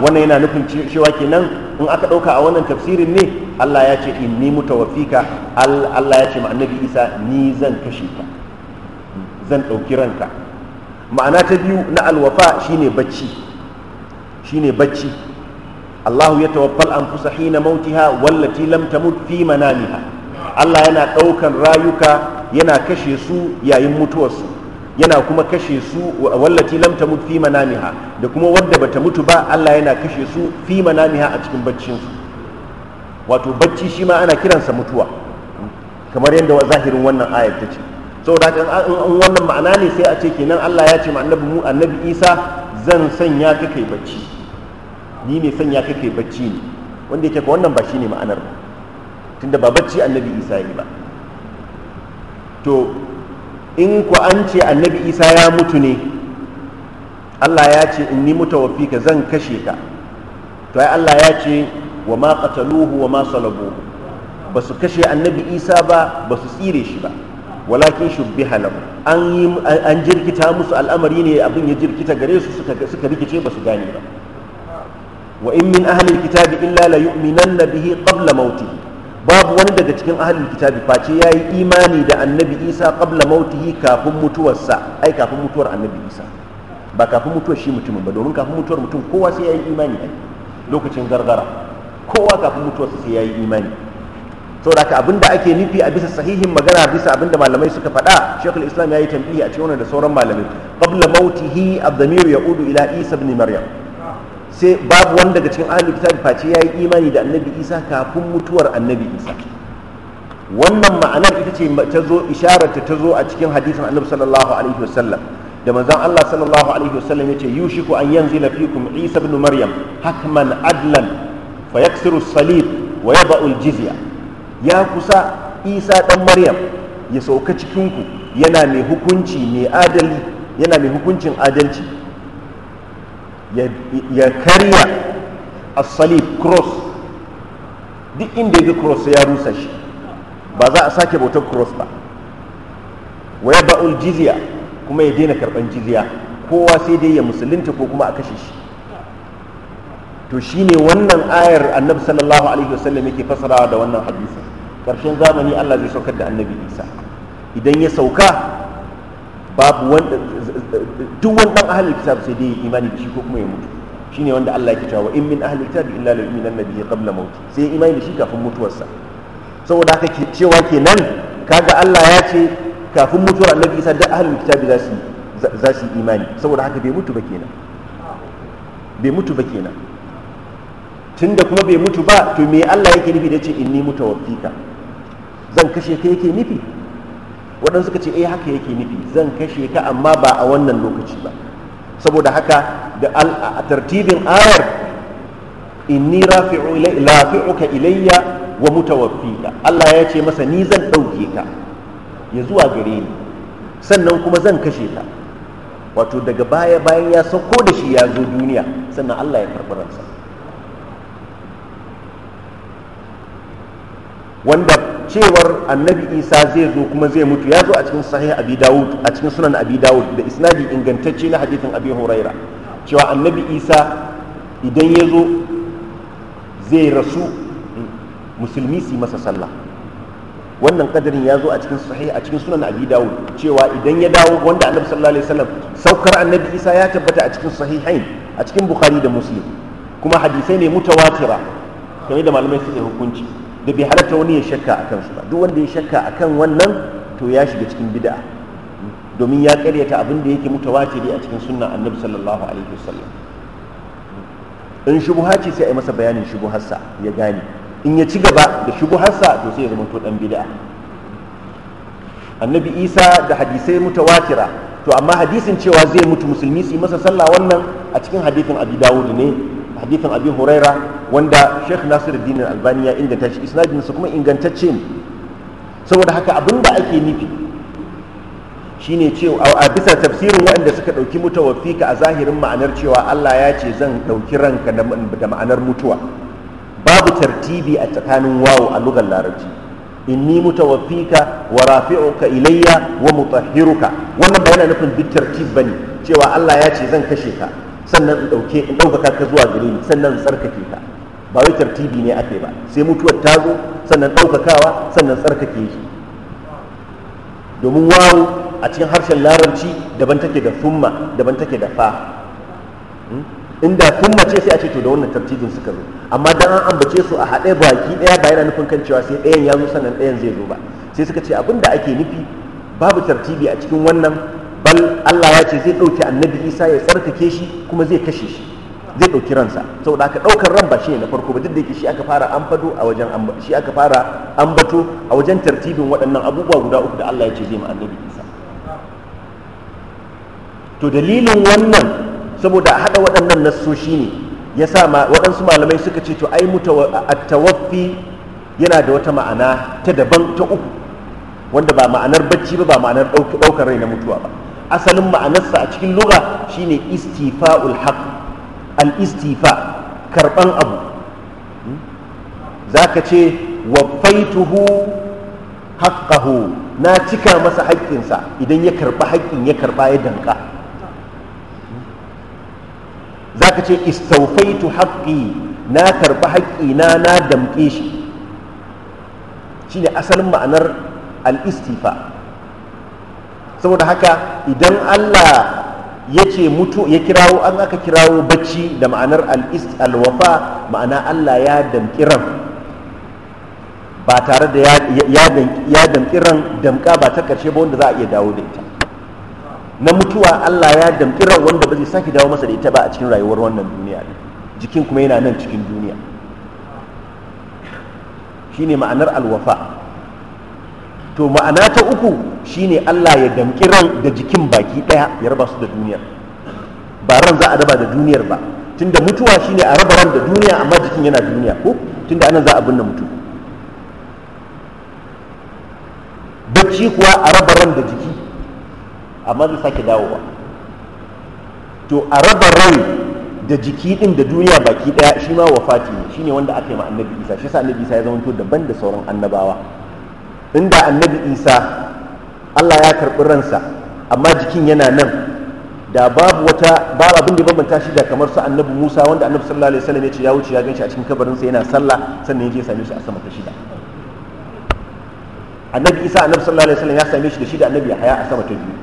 wannan yana nufin cewa kenan in aka ɗauka a wannan tafsirin ne Allah ya ce in inni mutawaffika Allah ya ce ma Isa ni zan kashe ka zan ɗauki ranka ma'ana ta biyu na alwafa shine bacci shine bacci Allahu ya tawaffal fusa hina mautiha wallati lam tamut fi manamiha Allah yana ɗaukan rayuka yana kashe su yayin mutuwarsu yana kuma kashe su wallati lam tamut fi manamiha da kuma wadda bata mutu ba Allah yana kashe su fi manamiha a cikin baccinsu. wato bacci shi ma ana kiransa mutuwa kamar yadda zahirin wannan ayar ta ce saboda haka in wannan ma'ana ne sai a ce kenan Allah ya ce ma annabi mu annabi Isa zan sanya ka kai bacci ni ne sanya ka kai bacci ne wanda yake ka wannan ba shi ne ma'anar ba tunda ba bacci annabi Isa yi ba to in ku an ce annabi Isa ya mutu ne Allah ya ce in ni ka zan kashe ka to ai Allah ya ce wa ma qataluhu wa ma salabuhu ba su kashe annabi isa ba ba su tsire shi ba walakin shubbiha lahum an yi an jirkita musu al'amari ne abin ya jirkita gare su suka suka rikice ba su gane ba wa in min ahli alkitabi illa la yu'minanna bihi qabla mautihi babu wani daga cikin ahli alkitabi face yayi imani da annabi isa qabla mautihi kafin mutuwarsa ai kafin mutuwar annabi isa ba kafin mutuwar shi mutumin ba domin kafin mutuwar mutum kowa sai yayi imani ai lokacin gargara kowa kafin mutuwarsa sai ya yi imani saboda haka abinda ake nufi a bisa sahihin magana bisa abinda malamai suka faɗa shekul islam ya yi tambihi a cikin da sauran malamai qabla mautihi ad ya ya'udu ila isa maryam sai babu wani daga cikin ahli kitab face ya yi imani da annabi isa kafin mutuwar annabi isa wannan ma'anar ita ce ta zo ishararta ta zo a cikin hadisin annabi sallallahu alaihi wasallam da manzon Allah sallallahu alaihi wasallam yace yushiku an yanzila fikum isa ibn maryam hakman adlan fa yaksiru salib wa Yaba jizya ya kusa isa dan maryam ya sauka cikin ku yana mai hukunci mai adali yana mai hukuncin adalci ya karya as-salib cross duk inda ya ga cross ya rusa shi ba za a sake bautar cross ba wa yada'u kuma ya daina karban jizya kowa sai dai ya musulunta ko kuma a kashe shi to shine wannan ayar annabi sallallahu alaihi wasallam yake fasarawa da wannan hadisi karshen zamani Allah zai saukar da annabi Isa idan ya sauka babu wanda duk wani dan ahlul kitab sai dai imani da shi ko kuma ya mutu shine wanda Allah yake cewa in min ahlil kitab illa la yu'minu annabi qabla mauti sai imani da shi kafin mutuwarsa saboda haka ke cewa kenan kaga Allah ya ce kafin mutuwar annabi Isa da ahlul kitab za su za su imani saboda haka bai mutu ba kenan bai mutu ba kenan tun da kuma bai mutu ba to me Allah yake nufi da ce in ni inni wafika zan kashe ka yake nufi waɗansu suka ce eh haka yake nufi zan kashe ka amma ba a wannan lokaci ba saboda haka da a tartibin ayar inni rafi'uka ilayya wa mutawaffika Allah ya ce masa ni zan ɗauke ka ya zuwa gare ni sannan kuma zan kashe ka wato daga baya bayan ya sauko da shi ya zo duniya sannan Allah ya karɓi ransa wanda cewar annabi isa zai zo kuma zai mutu ya zo a cikin sahih abi dawud a cikin sunan abi dawud da isnadi ingantacce na hadithin abi huraira cewa annabi isa idan ya zo zai rasu musulmi su masa sallah wannan kadarin ya zo a cikin sahih a cikin sunan abi dawud cewa idan ya dawo wanda annabi sallallahu alaihi wasallam saukar annabi isa ya tabbata a cikin sahihain a cikin bukhari da muslim kuma hadisai ne mutawatira kamar da malamai suke hukunci da bai halatta wani ya shakka a kansu ba duk wanda ya shakka a kan wannan to ya shiga cikin bid'a domin ya karyata abin da yake ce a cikin sunnan annabi sallallahu alaihi wasallam in shubuha ce sai a yi masa bayanin shubuharsa ya gane in ya ci gaba da shubuharsa to sai ya zama to dan bid'a annabi isa da hadisai mutawatira to amma hadisin cewa zai mutu musulmi su yi masa sallah wannan a cikin hadisin abi dawud ne hadithin abin huraira wanda sheikh nasir dinin albani ya inganta shi isnadin su kuma ingantacce ne saboda haka abin da ake nufi shine cewa a bisa tafsirin waɗanda suka ɗauki mutuwa fi ka a zahirin ma'anar cewa Allah ya ce zan ɗauki ranka da ma'anar mutuwa babu tartibi a tsakanin wawo a lugar larabci inni mutawaffika wa rafi'uka ilayya wa mutahhiruka wannan ba yana nufin bi tartib bane cewa Allah ya ce zan kashe ka sannan in ɗauke in ɗaukaka ka zuwa gare ni sannan in tsarkake ka ba wai tartibi ne ake ba sai mutuwar ta zo sannan ɗaukakawa sannan tsarkake shi domin wawo a cikin harshen larabci daban take da thumma daban take da fa hmm? inda thumma ce sai a ce to da wannan tartibin suka zo amma dan an ambace su a haɗe baki ɗaya ba yana nufin kan cewa sai ɗayan ya zo sannan ɗayan zai zo ba sai suka ce abin da ake nufi babu tartibi a cikin wannan bal Allah ya ce zai ɗauki annabi Isa ya tsarkake shi kuma zai kashe shi zai ɗauki ransa saboda aka ɗaukar ran ba shi ne na farko ba duk da yake shi aka fara an fado a wajen shi aka fara ambato a wajen tartibin waɗannan abubuwa guda uku da Allah ya ce zai ma annabi Isa to dalilin wannan saboda haɗa waɗannan nasoshi ne ya sa waɗansu malamai suka ce to ai mutawaffi yana da wata ma'ana ta daban ta uku wanda ba ma'anar bacci ba ba ma'anar ɗaukar rai na mutuwa ba asalin ma'anarsa a cikin lugha shine istifa'ul haq al istifa karban abu hmm? zaka ce wafaituhu haqqahu na cika masa haƙƙinsa idan ya karba haƙƙin ya karba ya danka zaka ce istaufaitu haƙƙi na karba haƙƙina na damƙe shi shine asalin ma'anar al istifa saboda haka idan Allah ya ce mutu ya kirawo an aka kirawo bacci da ma'anar al-ist al-wafa ma'ana Allah ya damƙi ba tare da ya damƙi ran damƙa ba ta karshe ba wanda za a iya dawo da ita na mutuwa Allah ya damƙi wanda ba zai sake dawo masa da ita ba a cikin rayuwar wannan duniya jikin kuma yana nan cikin duniya shine ma'anar al-wafa. to ma'ana ta uku shine Allah ya damƙi ran da jikin baki ɗaya ya raba su da duniya ba ran za a raba da duniyar ba tunda mutuwa shine a raba ran da duniya amma jikin yana duniya ko tunda anan za a binne mutu? bacci kuwa a raba ran da jiki amma zai sake dawowa to a raba rai da jiki din da duniya baki ɗaya shi ma wafati ne shine wanda aka yi ma annabi isa shi sa annabi isa ya zama to daban da sauran annabawa inda annabi isa allah ya karɓi ransa amma jikin yana nan da babu wata babu abin da ya bambanta shi da kamar su annabi musa wanda annabi sallallahu alaihi wasallam ya ce ya wuce ya ganshi a cikin kabarinsa yana sallah sannan ya je same shi a sama ta shida annabi isa annabi sallallahu alaihi wasallam ya same shi da shi da annabi haya a sama ta biyu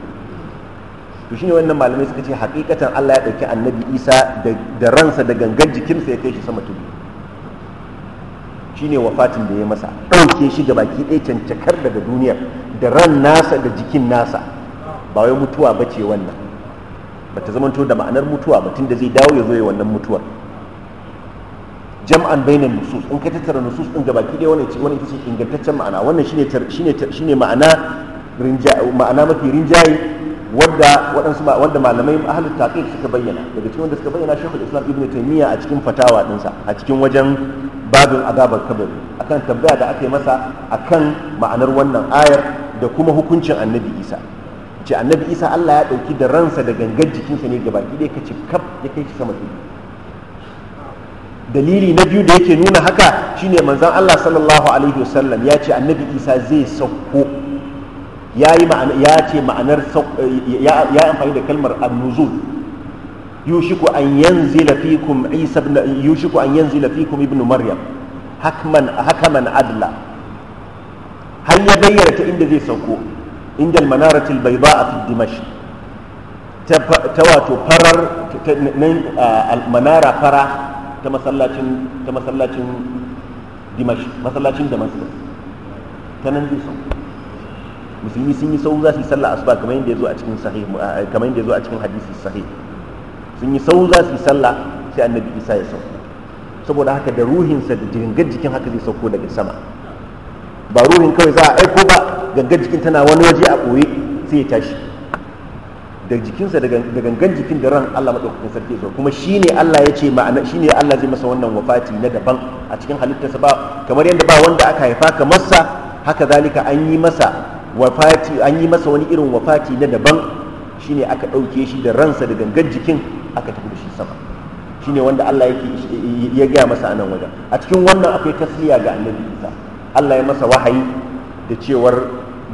to shine wannan malamai suka ce hakikatan allah ya ɗauki annabi isa da ransa da gangan jikinsa ya kai shi sama ta biyu shine wafatin da ya masa ɗauke shi gabaki baki ɗaya cancakar daga duniyar da ran nasa da jikin nasa ba wai mutuwa ba ce wannan ba ta zamanto da ma'anar mutuwa ba tun da zai dawo ya zo ya wannan mutuwar jam'an bainan nusus in ka tattara nusus ɗin gabaki ɗaya wannan ce wannan ce ingantaccen ma'ana wannan shine shine shine ma'ana rinjaye ma'ana mafi rinjaye wanda waɗansu wanda malamai ahlul taqiq suka bayyana daga cikin wanda suka bayyana shekul islam ibnu taymiya a cikin fatawa ɗinsa a cikin wajen babin azabar kabir akan tambaya da aka yi masa akan ma'anar wannan ayar da kuma hukuncin annabi isa ce annabi isa allah ya ɗauki da ransa da gangar jikinsa ne gaba ɗaya ka kaf ya kai shi sama tudu dalili na biyu da yake nuna haka shine manzon allah sallallahu alaihi wasallam ya ce annabi isa zai sauko ya ce ma'anar ya amfani da kalmar annuzul yushiku an yanzila fikum isa ibn yushiku an yanzila fikum ibn maryam hakman hakaman adla har ya bayyana ta inda zai sauko inda al-manarati al-bayda fi dimash, ta wato farar al-manara fara ta masallacin ta masallacin dimash masallacin damascus ta nan zai sauko musulmi sun yi sau za su yi sallah asuba kamar yadda ya zo a cikin sahih kamar yadda ya zo a cikin hadisi sahih sun yi sau za su yi sallah sai annabi isa ya sauko saboda haka da ruhinsa da gangar jikin haka zai sauko daga sama ba ruhin kawai za a aiko ba gangar jikin tana wani waje a ɓoye sai ya tashi da jikinsa da gangan jikin da ran Allah maɗaukakin sarki zuwa kuma shine Allah ya ce ma'ana shine Allah zai masa wannan wafati na daban a cikin halittarsa ba kamar yadda ba wanda aka haifa ka masa haka zalika an yi masa wafati an yi masa wani irin wafati na daban shine aka ɗauke shi da ransa da gangan jikin aka tafi da shi sama shine wanda Allah yake ya gaya masa anan wajen a cikin wannan akwai tasliya ga annabi Isa Allah ya masa wahayi da cewar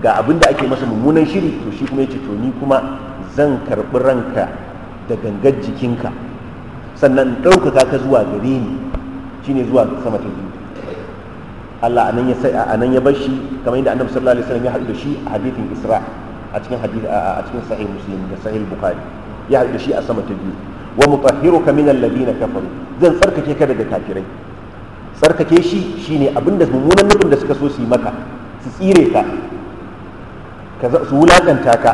ga abin da ake masa mummunan shiri to shi kuma yace to ni kuma zan karbi ranka da gangar jikinka sannan ɗaukaka ka zuwa gare ni shine zuwa sama ta biyu Allah anan ya sai anan ya bar shi kamar yadda Annabi sallallahu alaihi wasallam ya haɗu da shi a hadithin Isra a cikin hadith a cikin sahih Muslim da sahih Bukhari ya haɗu da shi a sama ta biyu wa mutahhiruka min alladhina kafaru zan tsarkake ka daga kafirai tsarkake shi shine abinda mummunan nufin da suka so su yi maka su tsire ka su wulakanta ka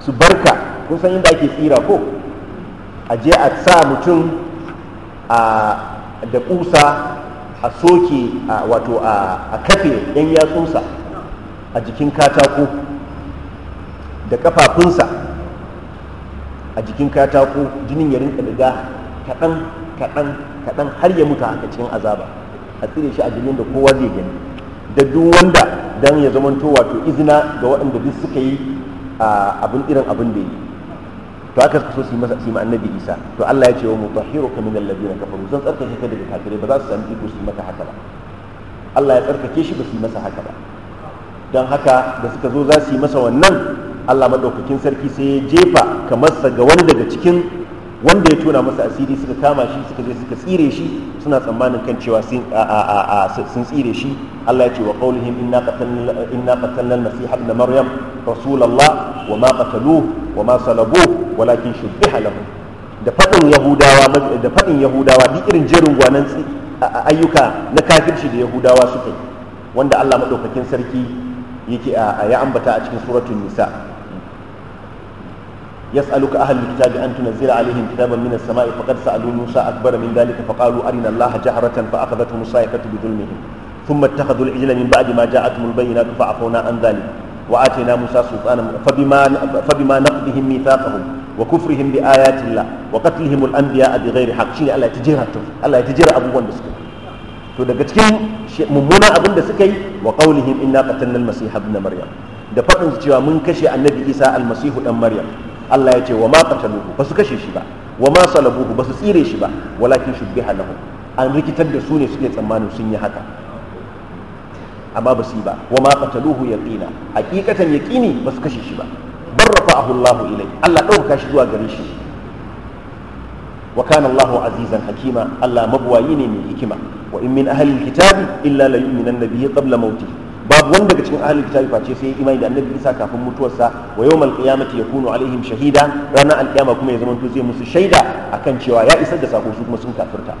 su barka kun san inda ake tsira ko a je a sa mutum da kusa a soke a wato a kafe yan yatsunsa a jikin katako da kafafunsa a jikin katako jinin ya rinka diga kaɗan kaɗan kaɗan har ya mutu haka cikin azaba a tsire shi a jinin da kowa zai gani da duk wanda dan ya zamanto wato izina ga waɗanda duk suka yi abin irin abin da yi to aka so su masa su annabi isa to Allah ya ce wa mutahhiruka min alladhina kafaru zan tsarkake ka daga kafire ba za su sami iko su maka haka ba Allah ya tsarkake shi ba su masa haka ba don haka da suka zo za su yi masa wannan Allah madaukakin sarki sai ya jefa sa ga wani daga cikin wanda ya tona masa asiri suka kama shi suka je suka tsire shi suna tsammanin kan cewa sun tsire shi Allah ya ce wa qaulihim inna qatalna al-masih ibn maryam rasulullah wa ma qataluhu wa ma salabuhu walakin shubbiha lahum da fadin yahudawa da fadin yahudawa duk irin jerin gwanan ayyuka na kafirci da yahudawa suka wanda Allah maɗaukakin sarki yake ya ambata a cikin suratul nisa يسألك أهل الكتاب أن تنزل عليهم كتابا من السماء فقد سألوا موسى أكبر من ذلك فقالوا أرنا الله جهرة فأخذتهم الصاعقة بظلمهم ثم اتخذوا العجل من بعد ما جاءتهم البينات فعفونا عن ذلك وآتينا موسى سلطانا فبما فبما نقضهم ميثاقهم وكفرهم بآيات الله وقتلهم الأنبياء بغير حق شيء الله يتجرى الله يتجرى أبو بكر to daga cikin mummuna abin da suka yi wa qaulihim inna qatalna al-masih ibn maryam da Allah ya ce wa ma qataluhu ba su kashe shi ba wa ma salabuhu ba su tsire shi ba walakin shubbiha lahu an rikitar da su ne suke tsammanin sun yi haka amma ba su yi ba wa ma qataluhu yaqina haqiqatan yaqini ba su kashe shi ba barrafa Allahu ilai Allah dauka shi zuwa gare shi wa kana Allahu azizan hakima Allah mabwayi ne mai hikima wa in min ahli kitabi illa la yu'minanna bihi qabla mautihi babu wanda daga cikin ahalin kitabi face sai imani da annabi Isa kafin mutuwarsa wa yawmal qiyamati yakunu alaihim shahida ranar alkiyama kuma ya zamanto zai musu shaida a kan cewa ya isar da sako su kuma sun kafirta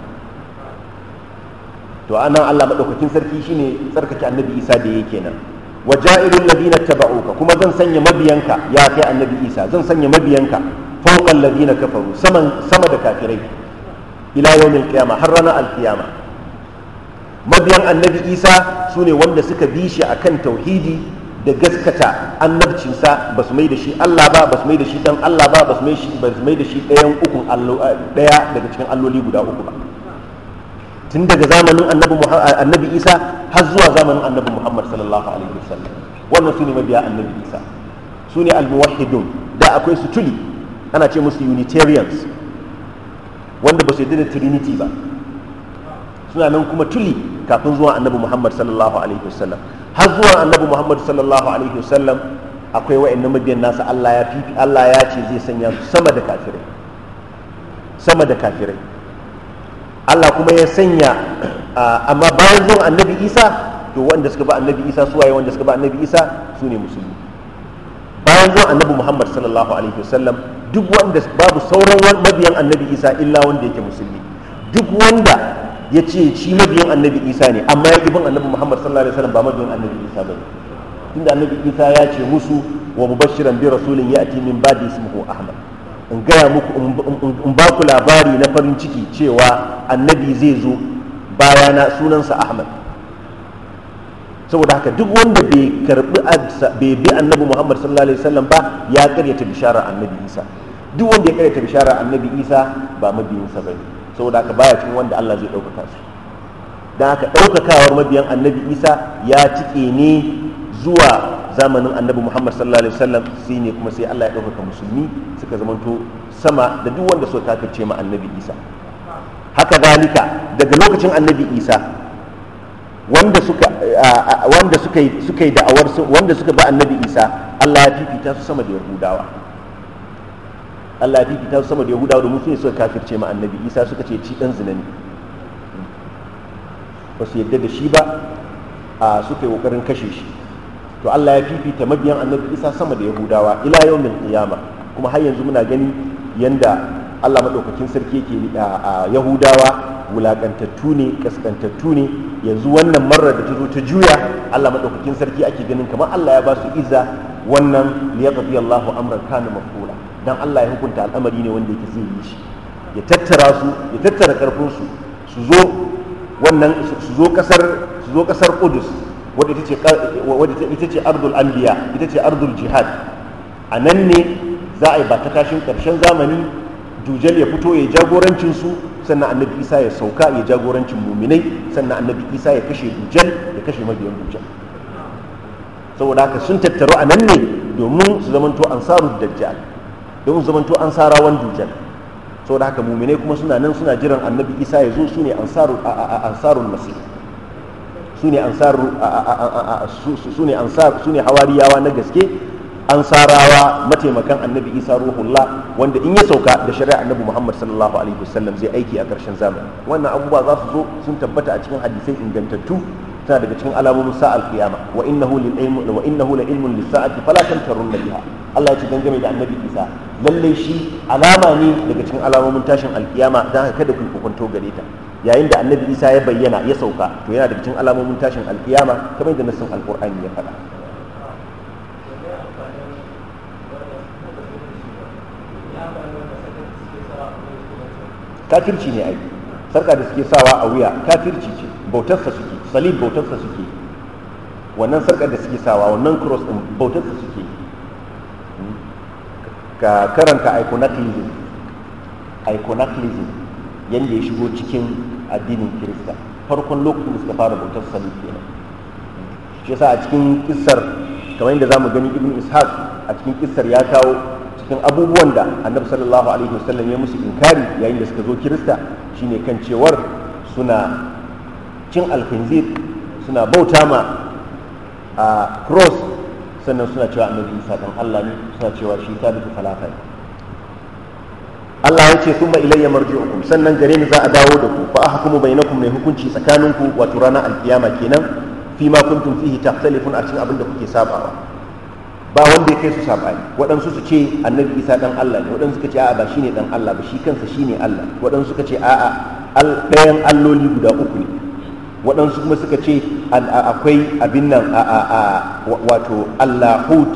to anan Allah madaukakin sarki shine tsarkake annabi Isa da yake nan wa ja'ilul ladina taba'uka kuma zan sanya mabiyanka ya kai annabi Isa zan sanya mabiyanka fawqa alladina kafaru sama da kafirai ila yawmil qiyama har ranar alkiyama mabiyan annabi isa su ne wanda suka bi shi kan tauhidi da gaskata annabcinsa ba su mai da shi allah ba ba su mai da shi dan allah ba ba su mai da shi ɗayan ukun eh, ɗaya daga cikin alloli guda uku ba tun daga zamanin annabi eh, isa har zuwa zamanin annabi muhammad sallallahu alaihi wasallam wannan su ne mabiya annabi isa su ne almuwahidun da akwai su tuli ana ce musu unitarians wanda ba su yarda da trinity ba suna nan kuma tuli kafin zuwa annabi muhammad sallallahu alaihi wasallam har zuwa annabi muhammad sallallahu alaihi wasallam akwai wa'annan mabiyan nasa allah ya fifi allah ya ce zai sanya su sama da kafirai sama da kafirai allah kuma ya sanya amma bayan zuwan annabi isa to wanda suka ba annabi isa su waye wanda suka ba annabi isa su ne musulmi bayan zuwan annabi muhammad sallallahu alaihi wasallam duk wanda babu sauran mabiyan annabi isa illa wanda yake musulmi duk wanda ya ce shi mabiyin annabi isa ne amma ya bin annabi muhammad sallallahu alaihi wasallam ba mabiyin annabi isa ba ne tunda annabi isa ya ce musu wa mubashiran bi rasulin ya'ti min ba'di ismihi ahmad in gaya muku in ba ku labari na farin ciki cewa annabi zai zo bayana sunansa ahmad saboda haka duk wanda bai karbi bai bi annabi muhammad sallallahu alaihi wasallam ba ya karyata bishara annabi isa duk wanda ya karyata bishara annabi isa ba mabiyinsa ne. saboda aka baya cikin wanda Allah zai ɗaukaka su don haka ɗaukakawar mabiyan annabi isa ya cike ne zuwa zamanin annabi muhammad sallallahu alaihi wasallam sai ne kuma sai Allah ya ɗaukaka musulmi suka zamanto sama da duk wanda suka kakace ma annabi isa haka zalika daga lokacin annabi isa wanda suka wanda suka yi da'awar wanda suka ba annabi isa Allah ya fifita su sama da yahudawa Allah ya fifita su sama da Yahudawa domin Musulmi suka kafirce ma annabi Isa suka ce ci dan zina ba su yadda da shi ba a suka yi kokarin kashe shi to Allah ya fifita mabiyan annabi Isa sama da Yahudawa ila yau yawmin qiyama kuma har yanzu muna gani yanda Allah madaukakin sarki yake a Yahudawa wulakantattu ne kaskantattu ne yanzu wannan marar da ta zo ta juya Allah madaukakin sarki ake ganin kamar Allah ya ba su izza wannan liyaqdi Allahu amran kana mafhula dan Allah ya hukunta al'amari ne wanda yake zai yi shi ya tattara su ya tattara karfin su su zo wannan su zo kasar su zo kasar Qudus wadda ita ce wadda ardul anbiya ita ce ardul jihad a nan ne za a yi ba ta kashin karshen zamani dujal ya fito ya jagorancin su sannan annabi isa ya sauka ya jagorancin muminai sannan annabi isa ya kashe dujal ya kashe mabiyan dujal saboda haka sun tattaru a nan ne domin su zamanto ansarud dajjal domin zamanto an sarawan sau da haka muminai kuma suna nan suna jiran annabi isa ya zo su ne ansarun masu su ne su ne hawariyawa na gaske ansarawa mataimakan annabi isa ruhullah wanda in ya sauka da shari'a annabi muhammad sallallahu alaihi wasallam zai aiki a ƙarshen zamani wannan abubuwa za su zo sun tabbata a cikin hadisai ingantattu tana daga cikin alamomin sa'al kiyama wa innahu lil ilmi wa innahu la ilmun lis sa'ati fala tantarun biha Allah ya ce dangane da annabi Isa lalle shi alama ne daga cikin alamomin tashin alkiyama dan haka kada ku hukunto gare ta yayin da annabi Isa ya bayyana ya sauka to yana daga cikin alamomin tashin alkiyama kamar da nassin alqur'ani ya faɗa kafirci ne ai sarka da suke sawa a wuya kafirci ce bautarsa suke salib bautarsa suke wannan sarkar da suke sawa wannan cross din bautarsa suke ka karanta iconoclism iconoclism yadda ya shigo cikin addinin kirista farkon lokacin da suka fara bautar salib kenan shi yasa a cikin kisar kamar yadda zamu gani ibn ishaq a cikin kissar ya kawo cikin abubuwan da annabi sallallahu alaihi wasallam ya musu inkari yayin da suka zo kirista shine kan cewar suna cin alkhinzir suna bauta ma a cross sannan suna cewa annabi isa dan allah ne suna cewa shi ta duka falafa ne allah ya ce kuma ilayya marji'ukum sannan gare ni za a dawo da ku fa ahkumu bainakum mai hukunci tsakaninku wato rana alkiyama kenan fi ma kuntum fihi takhtalifun a cikin abin da kuke sabawa ba wanda ya kai su sabani waɗansu su ce annabi isa dan allah ne waɗansu suka ce a'a ba shine dan allah ba shi kansa shine allah waɗansu suka ce a'a ɗayan alloli guda uku ne waɗansu kuma suka ce akwai abin nan wato allahut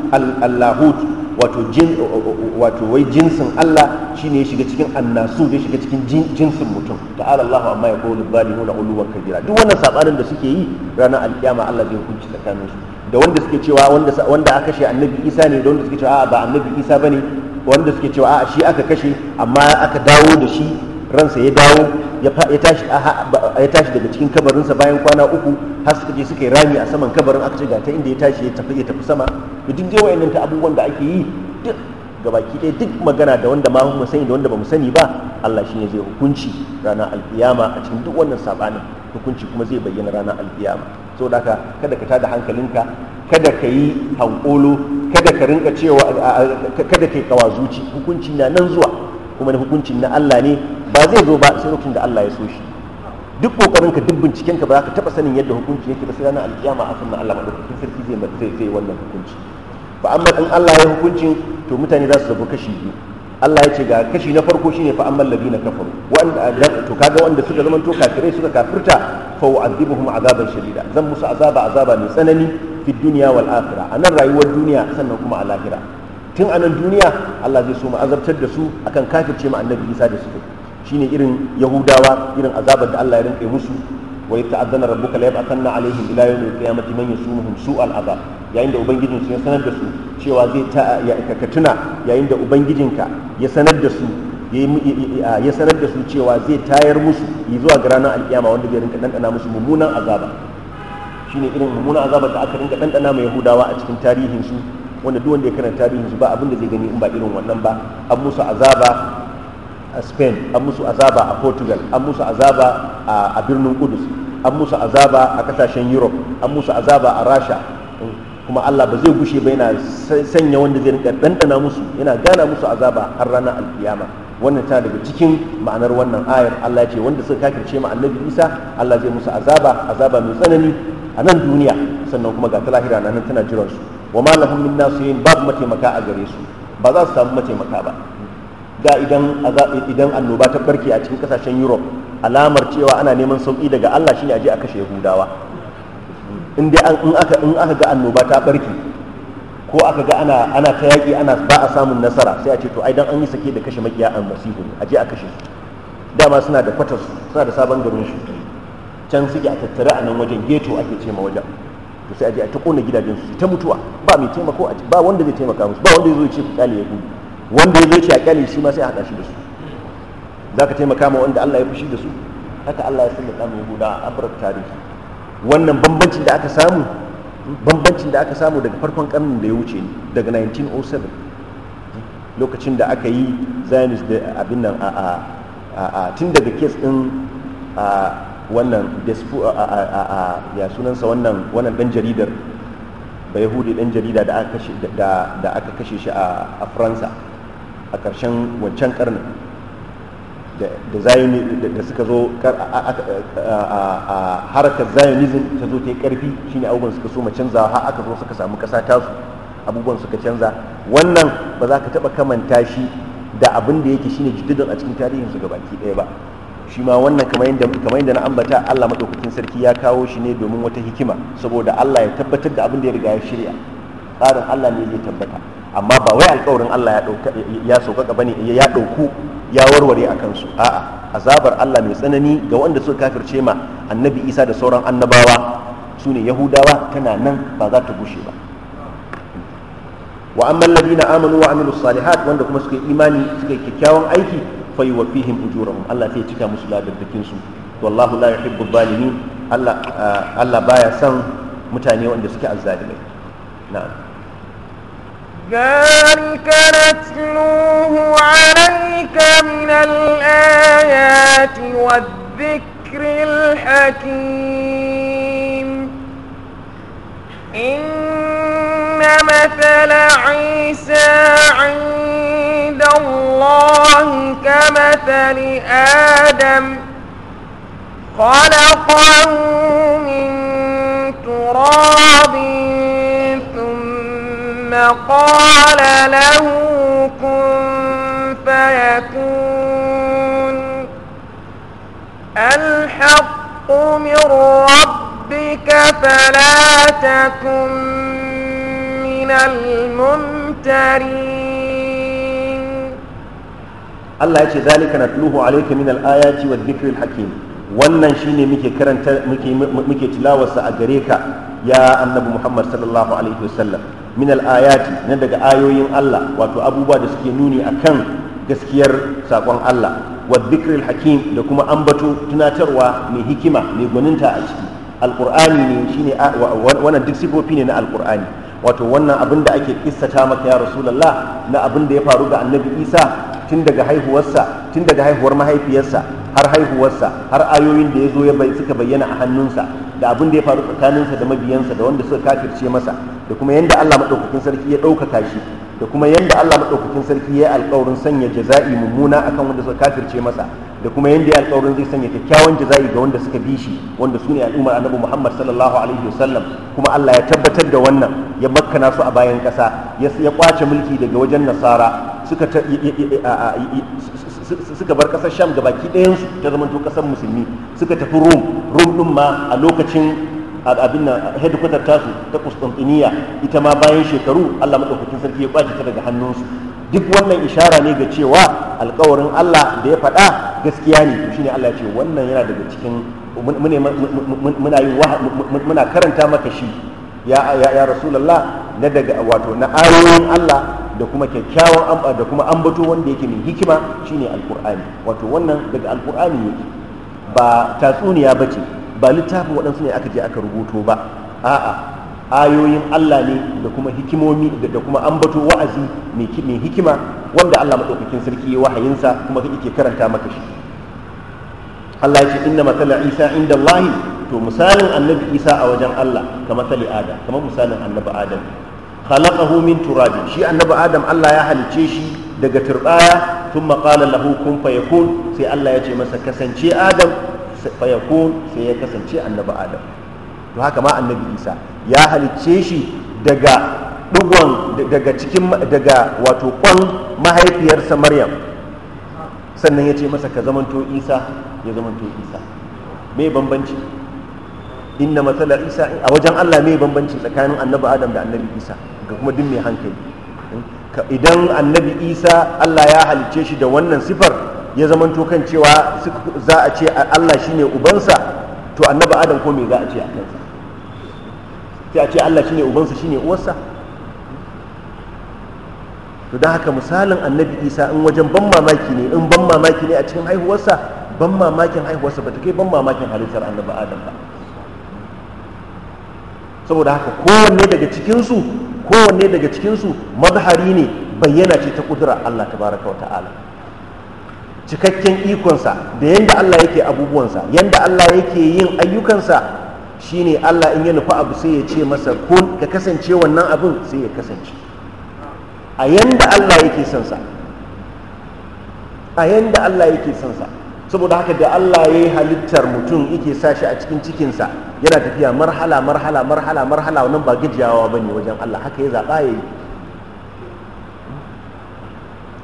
wato wai jinsin allah shine ya shiga cikin annasu ya shiga cikin jinsin mutum ta'ala Allah amma ya kawo zalimu nuna uluwar kabira duk wannan sabanin da suke yi ranar alkiyama allah zai hukunci tsakanin su da wanda suke cewa wanda aka kashe annabi isa ne da wanda suke cewa ba annabi isa bane wanda suke cewa a shi aka kashe amma aka dawo da shi ransa ya dawo ya tashi daga cikin kabarinsa bayan kwana uku har suka je suka yi rami a saman kabarin aka ce ga ta inda ya tashi ya tafi sama da duk dai wayannan ta abubuwan da ake yi duk gabaki ɗaya duk magana da wanda ma mu sani da wanda ba mu sani ba Allah shi ne zai hukunci ranar alkiyama a cikin duk wannan sabanin hukunci kuma zai bayyana ranar alkiyama saboda haka kada ka tada hankalinka kada ka yi hankolo kada ka rinka cewa kada ka yi kawazuci hukunci na nan zuwa kuma hukuncin na Allah ne ba zai zo ba sai lokacin da Allah ya so shi duk kokarinka duk bincikenka ba za ka taba sanin yadda hukunci yake ba sai ranar alkiyama a sannan Allah madaukakin sarki zai zai wannan hukunci fa amma in Allah ya hukuncin to mutane za su zabo kashi biyu Allah ya ce ga kashi na farko shine fa amman ladina kafaru wanda to kaga wanda suka zama to kafirai suka kafirta fa u'adhibuhum azaban shadida zan musu azaba azaba mai tsanani fi dunya wal akhirah anan rayuwar duniya sannan kuma a lahira tun anan duniya Allah zai so mu azabtar da su akan kafirce mu annabi Isa da su. shine irin yahudawa irin azabar da Allah ya rinka musu wa yata'azzana rabbuka la yab'athanna alaihim ila yawm al-qiyamati man yasumuhum su'al azab yayin da ubangijin su ya sanar da su cewa zai ta ka tuna yayin da ubangijinka ya sanar da su ya sanar da su cewa zai tayar musu zuwa ga ranar alkiyama wanda zai rinka dandana musu mummunan azaba shine irin mummunan azaba da aka rinka dandana mai yahudawa a cikin tarihin su wanda duk wanda ya karanta tarihin su ba abin da zai gani in ba irin wannan ba an musu azaba a spain an musu azaba a portugal an musu azaba a birnin kudus an musu azaba a kasashen europe an musu azaba a rasha kuma allah ba zai gushe ba yana sanya wanda zai rinka ɗanɗana musu yana gana musu azaba har ranar alkiyama wannan ta daga cikin ma'anar wannan ayar allah ce wanda suka kakirce ma annabi isa allah zai musu azaba azaba mai tsanani a nan duniya sannan kuma ga ta lahira na nan tana su wa ma lahum min nasirin babu mataimaka a gare su ba za su samu mataimaka ba ga idan idan annoba ta barke a cikin kasashen Europe alamar cewa ana neman sauki daga Allah shine aje a kashe Yahudawa in dai an in aka in aka ga annoba ta barke ko aka ga ana ana ta yaki ana ba a samun nasara sai a ce to ai dan an yi sake da kashe makiya almasihu ne aje a kashe su dama suna da kwatar suna da sabon garin su can suke a tattare a nan wajen geto ake ce ma wajen to sai a je a ta kona gidajen su ta mutuwa ba mai taimako ba wanda zai taimaka musu ba wanda zai zo ya ce ku kyale ya gudu wanda ya zo shi a kyale shi ma sai a haɗa shi da su za ka taimaka ma wanda Allah ya fushi da su haka Allah ya sallata mai guda a abarar tarihi wannan bambancin da aka samu bambancin da aka samu daga farkon karnin da ya wuce daga 1907 lokacin da aka yi zionist da abin nan a tun daga kes ɗin a wannan despo a ya sunansa wannan wannan dan jaridar ba yahudi ɗan jarida da aka kashe shi a faransa a ƙarshen wancan ƙarni da zionism da suka zo a harkar zionism ta zo ta yi ƙarfi shine abubuwan suka so canza har aka zo suka samu ƙasa tasu abubuwan suka canza wannan ba za ka taɓa kamanta shi da abin da yake shine jiddidin a cikin tarihin su gabaki ɗaya ba shi ma wannan kamar yadda na ambata Allah maɗaukakin sarki ya kawo shi ne domin wata hikima saboda Allah ya tabbatar da abin da ya riga ya shirya tsarin Allah ne zai tabbata amma ba wai alƙawarin Allah ya sauƙaƙa bane ya ɗauku ya warware a kansu a'a azabar Allah mai tsanani ga wanda suka kafirce ma annabi Isa da sauran annabawa su ne Yahudawa tana nan ba za ta gushe ba wa amma na amanu wa amilus salihat wanda kuma suka yi imani suka kyakkyawan aiki fa fihim ujurahum Allah zai cika musu ladabbakin su wallahu la yuhibbu zalimin Allah ah, Allah baya son mutane wanda suke azzalimai na'am ذلك نتلوه عليك من الآيات والذكر الحكيم إن مثل عيسى عند الله كمثل آدم خلقه من تراب ثم قال له كن فيكون الحق من ربك فلا تكن من الممترين الله يجي ذلك نتلوه عليك من الآيات والذكر الحكيم wannan shine muke karanta muke tilawarsa a gare ka ya annabi muhammad sallallahu alaihi wasallam min al-ayati na daga ayoyin Allah wato abubuwa da suke nuni a kan gaskiyar sakon Allah wa dhikril hakim da kuma ambato tunatarwa mai hikima mai gwaninta a ciki Alƙur'ani ne shine wannan duk sifofi ne na Alƙur'ani, wato wannan abin da ake kissata maka ya rasulullah na abin da ya faru ga annabi isa tun daga haihuwarsa tun daga haihuwar mahaifiyarsa har haihuwarsa har ayoyin da ya zo ya suka bayyana a hannunsa da abin da ya faru tsakaninsa da mabiyansa da wanda suka kafirce masa da kuma yanda Allah madaukakin sarki ya ɗaukaka shi da kuma yanda Allah madaukakin sarki ya alƙawarin sanya jaza'i mummuna akan wanda suka kafirce masa da kuma yanda ya alƙawarin zai sanya kyakkyawan jaza'i ga wanda suka bi shi wanda su ne al'ummar annabi Muhammad sallallahu alaihi wasallam kuma Allah ya tabbatar da wannan ya makkana su a bayan ƙasa ya kwace mulki daga wajen nasara suka suka bar kasar sham gabaki ɗayansu ta zamanto kasar musulmi suka tafi rom rom ɗin ma a lokacin abin nan hedikwatar tasu ta kustantiniya ita ma bayan shekaru allah maɗaukakin sarki ya kwace ta daga hannunsu duk wannan ishara ne ga cewa alkawarin allah da ya faɗa gaskiya ne to shine allah ya ce wannan yana daga cikin muna muna karanta maka shi ya ya rasulullah na daga wato na ayoyin allah da kuma kyakkyawan da kuma ambato wanda yake min hikima shine alkur'ani wato wannan daga alkur'ani ne ba tatsuniya ba ce ba littafin waɗansu ne aka je aka rubuto ba a'a ayoyin Allah ne da kuma hikimomi da kuma ambato wa'azi mai hikima wanda Allah maɗaukakin sarki ya wahayinsa kuma yake karanta maka shi Allah ya ce inna matala Isa inda Allah to misalin annabi Isa a wajen Allah ka matsali Adam kamar misalin annabi Adam khalaqahu min turabin shi annabi adam Allah ya halice shi daga turbaya tun qala lahu kun fayakun sai Allah ya ce masa kasance adam fayakun sai ya kasance annabi adam to haka ma annabi Isa ya halice shi daga digon daga cikin daga wato kwan mahaifiyarsa Maryam sannan ya ce masa ka zamanto Isa ya zamanto Isa me bambanci inna matsalar isa a wajen allah mai bambanci tsakanin annabi adam da annabi isa ka kuma dimme hankali idan annabi isa allah ya halicce shi da wannan sifar ya zamanto kan cewa za a ce allah shine ubansa to annabi adam ko me za a ce a kansa sai a ce allah shine ubansa shine uwarsa to don haka misalin annabi isa in wajen ban mamaki ne in ban mamaki ne a cikin haihuwarsa ban mamakin haihuwarsa ba ta kai ban mamakin halittar annabi adam ba saboda haka kowanne daga cikinsu kowanne daga cikinsu mazhari ne bayyana ce ta kudura Allah tabaraka wa ta'ala cikakken ikonsa da yanda Allah yake abubuwansa yanda Allah yake yin ayyukansa shine Allah in ya nufi abu sai ya ce masa kun ka kasance wannan abin sai ya kasance a yanda Allah yake son a yanda Allah yake son saboda haka da Allah ya yi halittar mutum yake sa shi a cikin cikinsa yana tafiya marhala marhala marhala marhala wannan ba gajiyawa bane wajen Allah haka ya zaba ya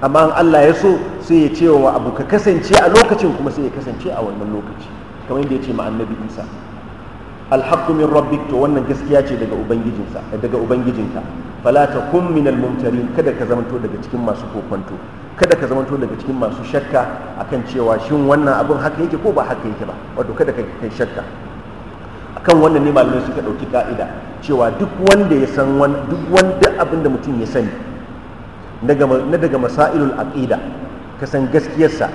amma in Allah ya so sai ya ce wa abu ka kasance a lokacin kuma sai ya kasance a wannan lokaci kamar yadda ya ce ma annabi Isa alhaqqu min rabbik to wannan gaskiya ce daga ubangijinsa daga ubangijinka fala takum min almumtarin kada ka zamanto daga cikin masu kokonto kada ka zamanto daga cikin masu shakka akan cewa shin wannan abin haka yake ko ba haka yake ba wato kada ka kai shakka Kan wannan ne malamai suka ɗauki ka'ida cewa duk wanda ya san duk wanda abin da mutum ya sani na daga masailul aqida ka san gaskiyarsa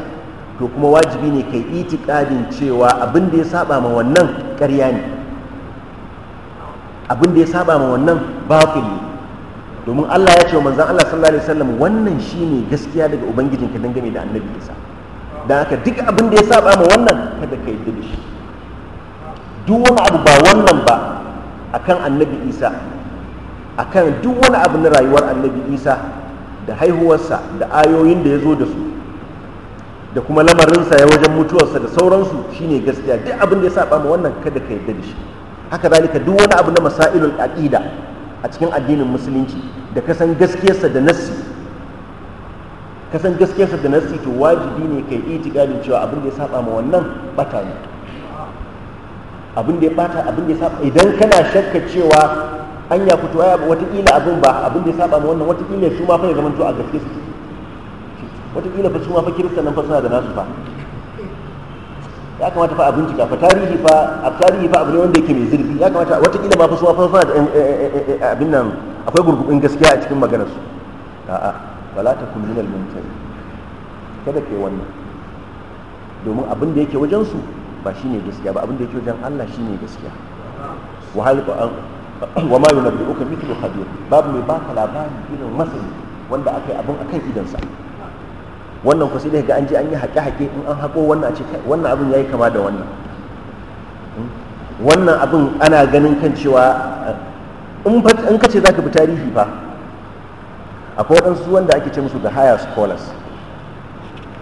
to kuma wajibi ne kai itikadin cewa abin da ya saba ma wannan ƙarya ne abin da ya saba ma wannan batil ne domin Allah ya ce wa manzon Allah sallallahu alaihi wasallam wannan shine gaskiya daga ubangijinka dangane da annabi Isa dan haka duk abin da ya saba ma wannan kada kai dubi shi duk wani abu ba wannan ba a kan annabi isa a kan duk wani abu na rayuwar annabi isa da haihuwarsa da ayoyin da ya zo da su da kuma lamarinsa ya wajen mutuwarsa da sauransu shine gaskiya duk abin da ya saba ma wannan kada ka yarda da shi haka zalika duk wani abu na masailul aqida a cikin addinin musulunci da kasan gaskiyarsa da nassi kasan gaskiyarsa da nassi to wajibi ne kai itikadin cewa abin da ya saba ma wannan bata ne abin da ya bata abin da ya saba idan kana shakka cewa anya fito ya watakila abin ba abin da ya saba ma wannan watakila su ma fa ya zamanto a gaske su watakila fa su ma fa kirista nan fa suna da nasu fa ya kamata fa abin jika fa tarihi fa a tarihi fa abu ne wanda yake mai zurfi ya kamata watakila ma fa su ma fa suna da eh, eh, eh, abin nan akwai gurgubin gaskiya a cikin maganar su a'a wala ta kun minal kada kai wannan domin abin da yake wajen su ba shi ne gaskiya ba abin da yake wajen Allah shi ne gaskiya wa an wa ma yunabbi'uka mithlu khabir babu mai baka labari irin masani wanda aka yi abin akan idansa wannan ku sai dai ga an je an yi haƙe-haƙe in an haƙo wannan a ce wannan abin yayi kama da wannan wannan abin ana ganin kan cewa in ka ce za ka bi tarihi fa akwai waɗansu wanda ake ce musu da higher scholars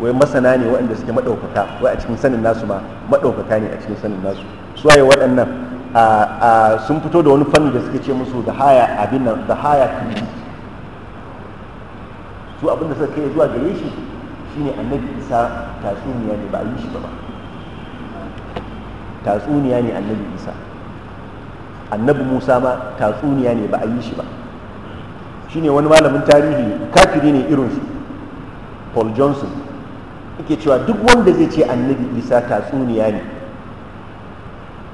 wai masana ne waɗanda suke maɗaukaka wai a cikin sanin nasu ma maɗaukaka ne a cikin sanin nasu su waye waɗannan sun fito da wani fannin da suke ce musu da haya abin nan da haya tuzi su abin da suka kai zuwa gare shi shine annabi isa tatsuniya ne ba a yi shi ba tatsuniya ne annabi isa annabi musa ma tatsuniya ne ba a yi shi ba shine wani malamin tarihi kafiri ne irinsu paul johnson yake cewa duk wanda zai ce annabi isa tatsuniya ne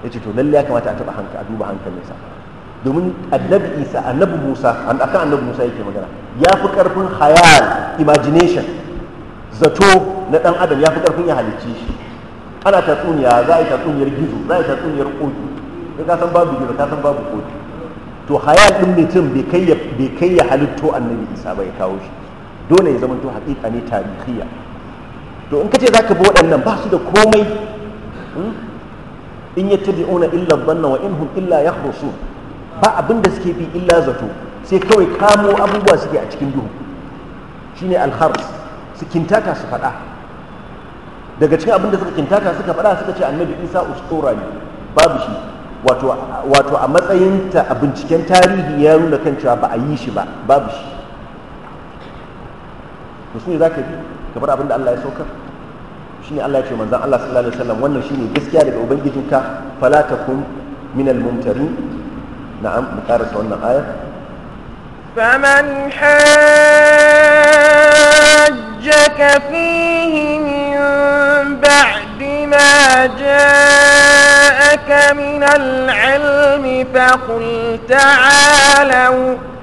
ya ce to lalle ya kamata a taɓa a duba hankalinsa domin annabi isa annabi musa akan annabi musa yake magana ya fi ƙarfin hayal imagination zato na ɗan adam ya fi ƙarfin ya halicci shi ana tatsuniya za a yi tatsuniyar gizo za a yi tatsuniyar kotu ka san babu gizo ka san babu kotu to hayal ɗin mutum bai kai ya halitto annabi isa ba ya kawo shi dole ya zama to haƙiƙa ne tarihiyya to in ka ce za ka bi waɗannan ba su da komai hmm? in ya tabi ona illa banna wa inhum illa ya ba abin da suke bi illa zato sai kawai kamo abubuwa suke a cikin duhu shine alhars su kintata su faɗa daga cikin abin da suka kintata suka faɗa suka ce annabi isa ustura ne babu shi wato a matsayinta a binciken tarihi ya nuna kan cewa ba a yi shi ba babu shi to sai zaka bi ka abinda Allah ya saukar shine Allah ya ce manzon Allah sallallahu alaihi wasallam wannan shine gaskiya daga ubangijinka fala takum min al-mumtarin na'am mu karanta wannan ayar فمن حاجك فيه من بعد ما جاءك من العلم فقل تعالوا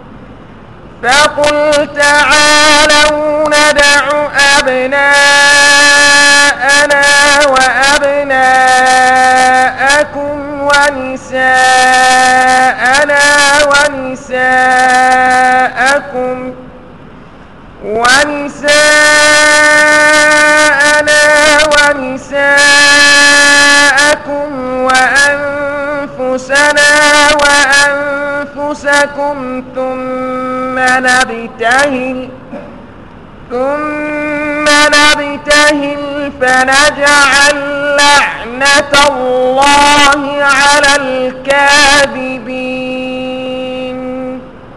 فقل تعالوا ندع أبناءنا وأبناءكم ونساءنا ونساءكم ونساءنا ونساءكم وأنفسنا وأنفسكم ثم نبتهل ثم نبتهل فنجعل لعنة الله على الكاذبين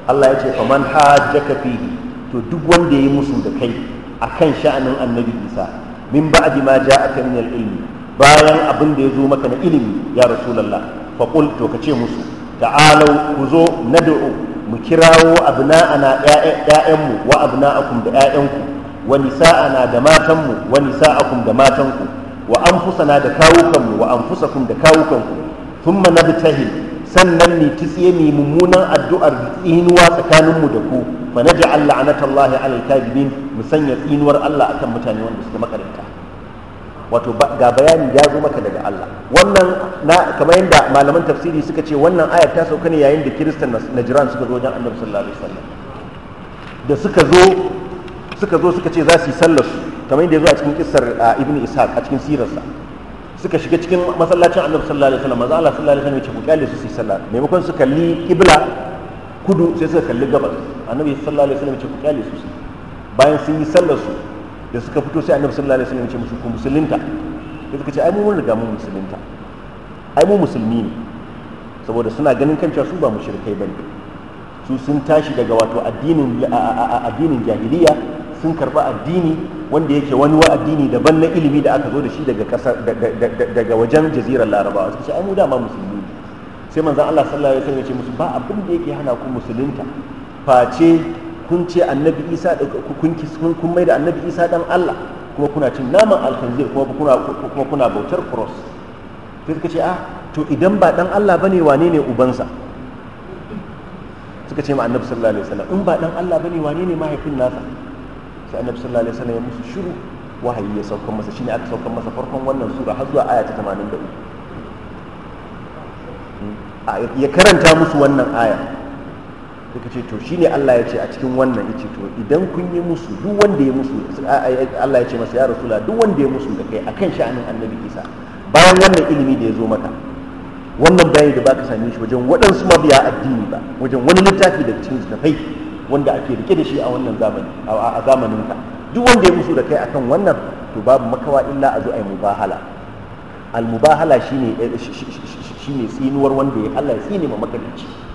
الله يجي فمن حاجك فيه تدوان دي مسود كي أكن شأن النبي إيسا من بعد ما جاءك من العلم bayan abin da ya zo maka na ilimi ya rasulallah faƙul to ka ce musu ta'alau ku zo nad'u mu kirawo abna'ana ƴaƴanmu wa abna'akum da ƴaƴanku wa ana da matanmu wa nisa'akum da matanku wa anfusana da kawukanmu wa anfusakum da kawukanku thumma nabtahil sannan ta tsaye ni mummunan addu'ar tsinuwa tsakaninmu da ku fa naj'al la'natallahi 'alal kadibin mu sanya tsinuwar Allah akan mutane wanda suka makaranta wato ga bayani ya zo maka daga Allah wannan na kamar yadda malaman tafsiri suka ce wannan ayar ta sauka ne yayin da kiristan na jiran suka zo wajen annabi sallallahu alaihi wasallam da suka zo suka zo suka ce za su yi sallar su kamar yadda ya zo a cikin kissar ibnu ishaq a cikin sirarsa suka shiga cikin masallacin annabi sallallahu alaihi wasallam manzo Allah sallallahu alaihi wasallam ya ce ku kyale su su yi sallah maimakon su kalli kibla kudu sai suka kalli gabas annabi sallallahu alaihi wasallam ya ce ku kyale su bayan sun yi sallar su da suka fito sai annabi sallallahu alaihi wasallam ya ce musu ku musulunta sai suka ce ai mu mun riga mun musulunta ai mu musulmi ne saboda suna ganin kan su ba mushrikai bane su sun tashi daga wato addinin addinin jahiliya sun karba addini wanda yake wani wa addini daban na ilimi da aka zo da shi daga kasar daga wajen jazirar larabawa suka ce ai mu dama musulmi ne sai manzon Allah sallallahu alaihi wasallam ya ce musu ba abin da yake hana ku musulunta face kun ce annabi isa kun mai da annabi isa dan allah kuma kuna cin naman alkanzir kuma kuna bautar cross sai suka ce ah to idan ba dan allah bane wane ne ubansa suka ce ma annabi sallallahu alaihi wasallam in ba dan allah bane wane ne mahaifin nasa sai annabi sallallahu alaihi wasallam ya musu shiru wahayi ya saukan masa shine aka saukan masa farkon wannan sura har zuwa aya ta 83 hmm. ya karanta musu wannan aya suka ce to shine Allah ya ce a cikin wannan ce to idan kun yi musu duk wanda ya musu Allah ya ce masa ya rasula duk wanda ya musu da kai akan sha'anin annabi Isa bayan wannan ilimi da ya zo maka wannan bayani da baka same shi wajen waɗansu mabiya addini ba wajen wani littafi da cikin littafai wanda ake rike da shi a wannan zamani a zamanin ka duk wanda ya musu da kai akan wannan to babu makawa illa a zo ai mubahala al mubahala shine shine tsinuwar wanda ya Allah ya tsine ma makalici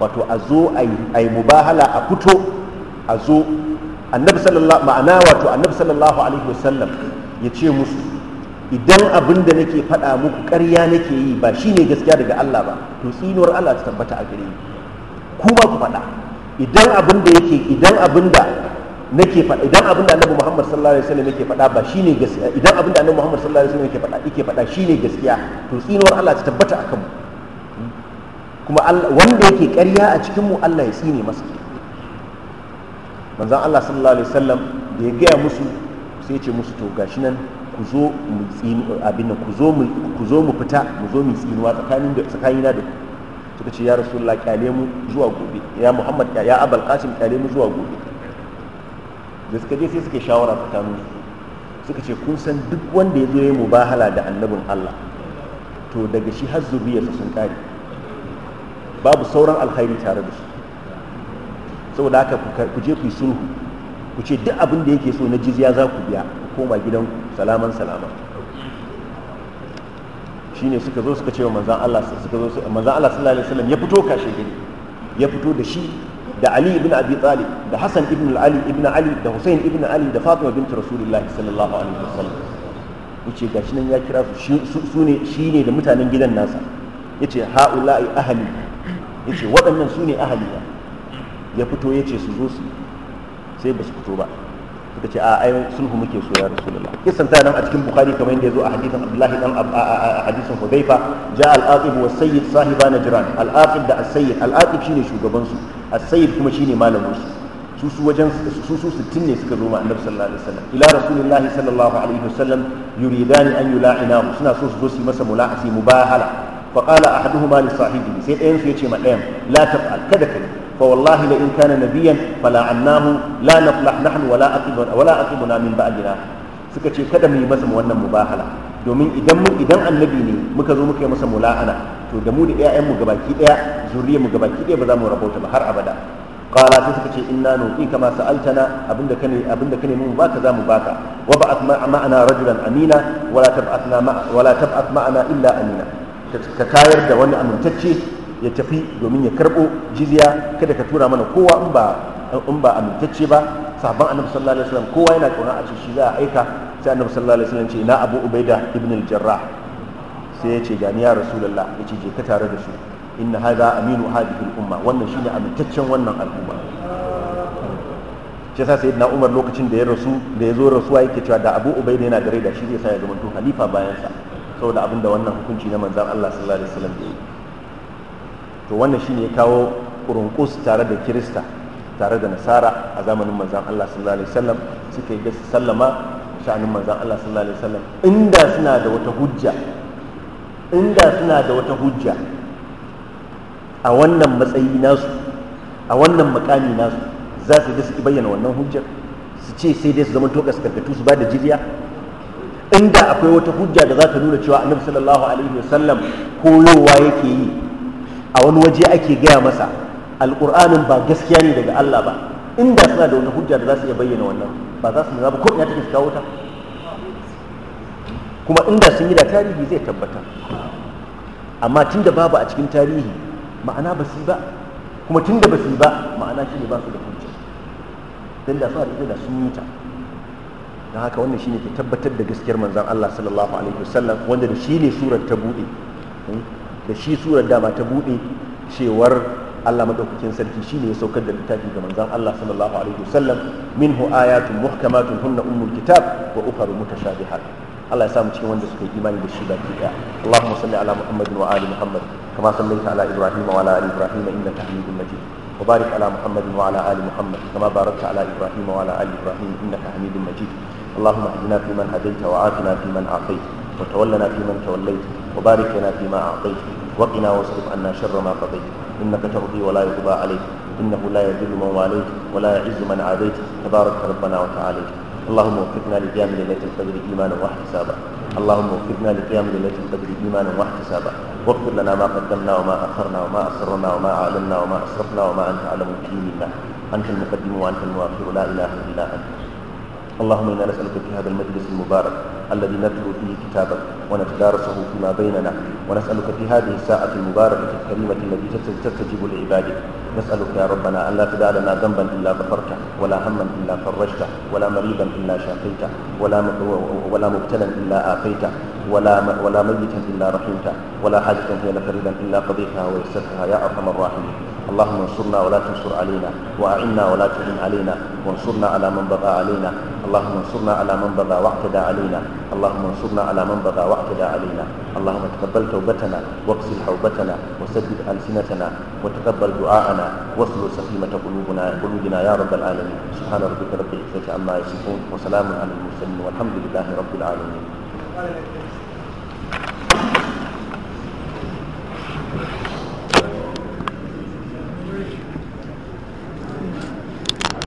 wato a zo a yi mubahala a fito a zo annabi sallallahu ma'ana wato annabi sallallahu alaihi wasallam ya ce musu idan abin da nake faɗa muku ƙarya nake yi ba shine gaskiya daga Allah ba to tsinuwar Allah ta tabbata a gare ni ku ba ku faɗa idan abin da yake idan abin da nake faɗa idan abin da annabi Muhammad sallallahu alaihi wasallam yake faɗa ba shine gaskiya idan abin da annabi Muhammad sallallahu alaihi wasallam yake faɗa yake faɗa shine gaskiya to tsinuwar Allah ta tabbata akan mu kuma wanda yake ƙarya a cikin mu Allah ya tsine masa manzan Allah sallallahu alaihi wasallam da ya gaya musu sai ce musu to gashi nan ku zo mu tsini abin nan ku zo mu ku zo mu fita mu zo mu tsinuwa tsakanin da tsakanina da ku suka ce ya rasulullah kyale mu zuwa gobe ya muhammad ya abul qasim kyale mu zuwa gobe da suka je sai suka shawara tsakanin su suka ce kun san duk wanda ya zo ya mubahala da annabin Allah to daga shi har zuriyarsa sun kare babu sauran alkhairi tare da shi saboda haka ku je ku yi sulhu ku ce duk abin da yake so na jizya za ku biya ku koma gidanku salaman salaman shine suka zo suka ce wa manzan Allah suka zo manzan Allah sallallahu alaihi wasallam ya fito kashe gari ya fito da shi da Ali ibn Abi Talib da Hassan ibn Ali ibn Ali da Hussein ibn Ali da Fatima bint Rasulullahi sallallahu alaihi wasallam yace gashi nan ya kira su su ne shine da mutanen gidan nasa yace ha'ula'i ahli ya ce waɗannan su ne ahaliya ya fito ya ce su zo su sai ba su fito ba suka ce a ai sulhu muke so ya rasulullah kisan ta nan a cikin bukhari kamar yadda ya zo a hadisin abdullahi dan a hadisin hudayfa ja al'aqib wa sayyid sahiba na jiran al'aqib da as-sayyid al shine shugabansu su sayyid kuma shine malamin su su su wajen su su 60 ne suka zo ma annabi sallallahu alaihi wasallam ila rasulillahi sallallahu alaihi wasallam yuridani an yula'ina suna so su zo su yi masa mula'asi mubahala fa qala ahaduhuma li sahibihi sai ɗayan su yace ma ɗayan la taf'al kada kai fa wallahi la in kana nabiyyan fala annahu la naflah nahnu wala suka ce kada mu yi masa wannan mubahala domin idan idan annabi ne muka zo muka yi masa mula'ana to da mu da ƴaƴan mu gabaki ɗaya zuriyar mu gabaki ɗaya ba za mu rabauta ba har abada qala sai suka ce inna nuqi kama sa'altana abinda kane abinda kane mun baka za mu baka wa ba'ath ma'ana rajulan amina wala tab'athna wala tab'ath ma'ana illa amina ka tayar da wani amintacce ya tafi domin ya karɓo jizya kada ka tura mana kowa in ba amintacce ba sabon annabi sallallahu alaihi wasallam kowa yana kauna a ce shi za a aika sai annabi sallallahu alaihi wasallam ce na abu ubaida ibn al-jarrah sai ya ce gani ya rasulullah ya ce je ka tare da su inna hadha aminu hadhihi al-umma wannan shine amintaccen wannan al'umma shi yasa na umar lokacin da ya rasu da ya zo rasuwa yake cewa da abu ubaida yana da rai da shi zai sa ya zama to halifa bayan sa saboda abin da wannan hukunci na manzan Allah sallallahu alaihi wasallam ya yi to wannan shine ya kawo kurunkus tare da kirista tare da nasara a zamanin manzan Allah sallallahu alaihi wasallam suka yi gasa sallama sha'anin manzan Allah sallallahu alaihi wasallam inda suna da wata hujja inda suna da wata hujja a wannan matsayi nasu a wannan makami nasu za su da su bayyana wannan hujjar su ce sai dai su zama to kaskantattu su ba da jiriya inda akwai wata hujja da za ta nuna cewa annabi sallallahu alaihi wasallam koyowa yake yi a wani waje ake gaya masa alƙur'anin ba gaskiya ne daga Allah ba inda suna da wata hujja da za su iya bayyana wannan ba za su nuna ba ko ina take kawo ta kuma inda sun yi da tarihi zai tabbata amma tunda babu a cikin tarihi ma'ana ba su ba kuma tunda ba su ba ma'ana shi ne ba su da hujja dan da su da sun yi ta don haka wannan shine ke tabbatar da gaskiyar manzan Allah sallallahu alaihi wasallam wanda da shi ne surar ta bude hmm? da shi surar dama ta bude cewar Allah madaukakin sarki shine ya saukar da littafi ga manzan Allah sallallahu alaihi wasallam minhu ayatun muhkamatun hunna ummul kitab wa ukhra mutashabihat Allah ya samu cikin wanda suka yi imani da shi baki da Allahumma salli ala Muhammadin wa ali Muhammad kama sallaita ala Ibrahim wa ala ali Ibrahim innaka Hamidum Majid وبارك على محمد وعلى ال محمد كما باركت على ابراهيم وعلى ال ابراهيم انك حميد مجيد اللهم اهدنا فيمن هديت وعافنا فيمن عافيت وتولنا فيمن توليت وبارك لنا فيما اعطيت وقنا واصرف عنا شر ما قضيت انك تقضي ولا يقضى عليك انه لا يذل من واليت ولا يعز من عاديت تبارك ربنا وتعاليت اللهم وفقنا لقيام ليله القدر ايمانا واحتسابا اللهم وفقنا لقيام ليله القدر ايمانا واحتسابا واغفر لنا ما قدمنا وما اخرنا وما اسررنا وما اعلنا وما اسرفنا وما انت اعلم به منا انت المقدم وانت المؤخر لا اله الا انت اللهم إنا نسألك في هذا المجلس المبارك الذي نتلو فيه كتابك ونتدارسه فيما بيننا ونسألك في هذه الساعة المباركة الكريمة التي تستجيب لعبادك نسألك يا ربنا أن لا تدع لنا ذنبا إلا غفرته ولا هما إلا فرجته ولا مريضا إلا شافيته ولا ولا مبتلا إلا آفيته ولا ولا ميتا إلا رحمته ولا حاجة هي لك إلا قضيتها ويسرتها يا أرحم الراحمين اللهم انصرنا ولا تنصر علينا وأعنا ولا تعن علينا وانصرنا على من بغى علينا اللهم انصرنا على من بغى واعتدى علينا اللهم انصرنا على من بغى واعتدى علينا اللهم تقبل توبتنا واغسل حوبتنا وسدد ألسنتنا وتقبل دعاءنا واصل سخيمة قلوبنا قلوبنا يا رب العالمين سبحان ربك رب العزة عما يصفون وسلام على المرسلين والحمد لله رب العالمين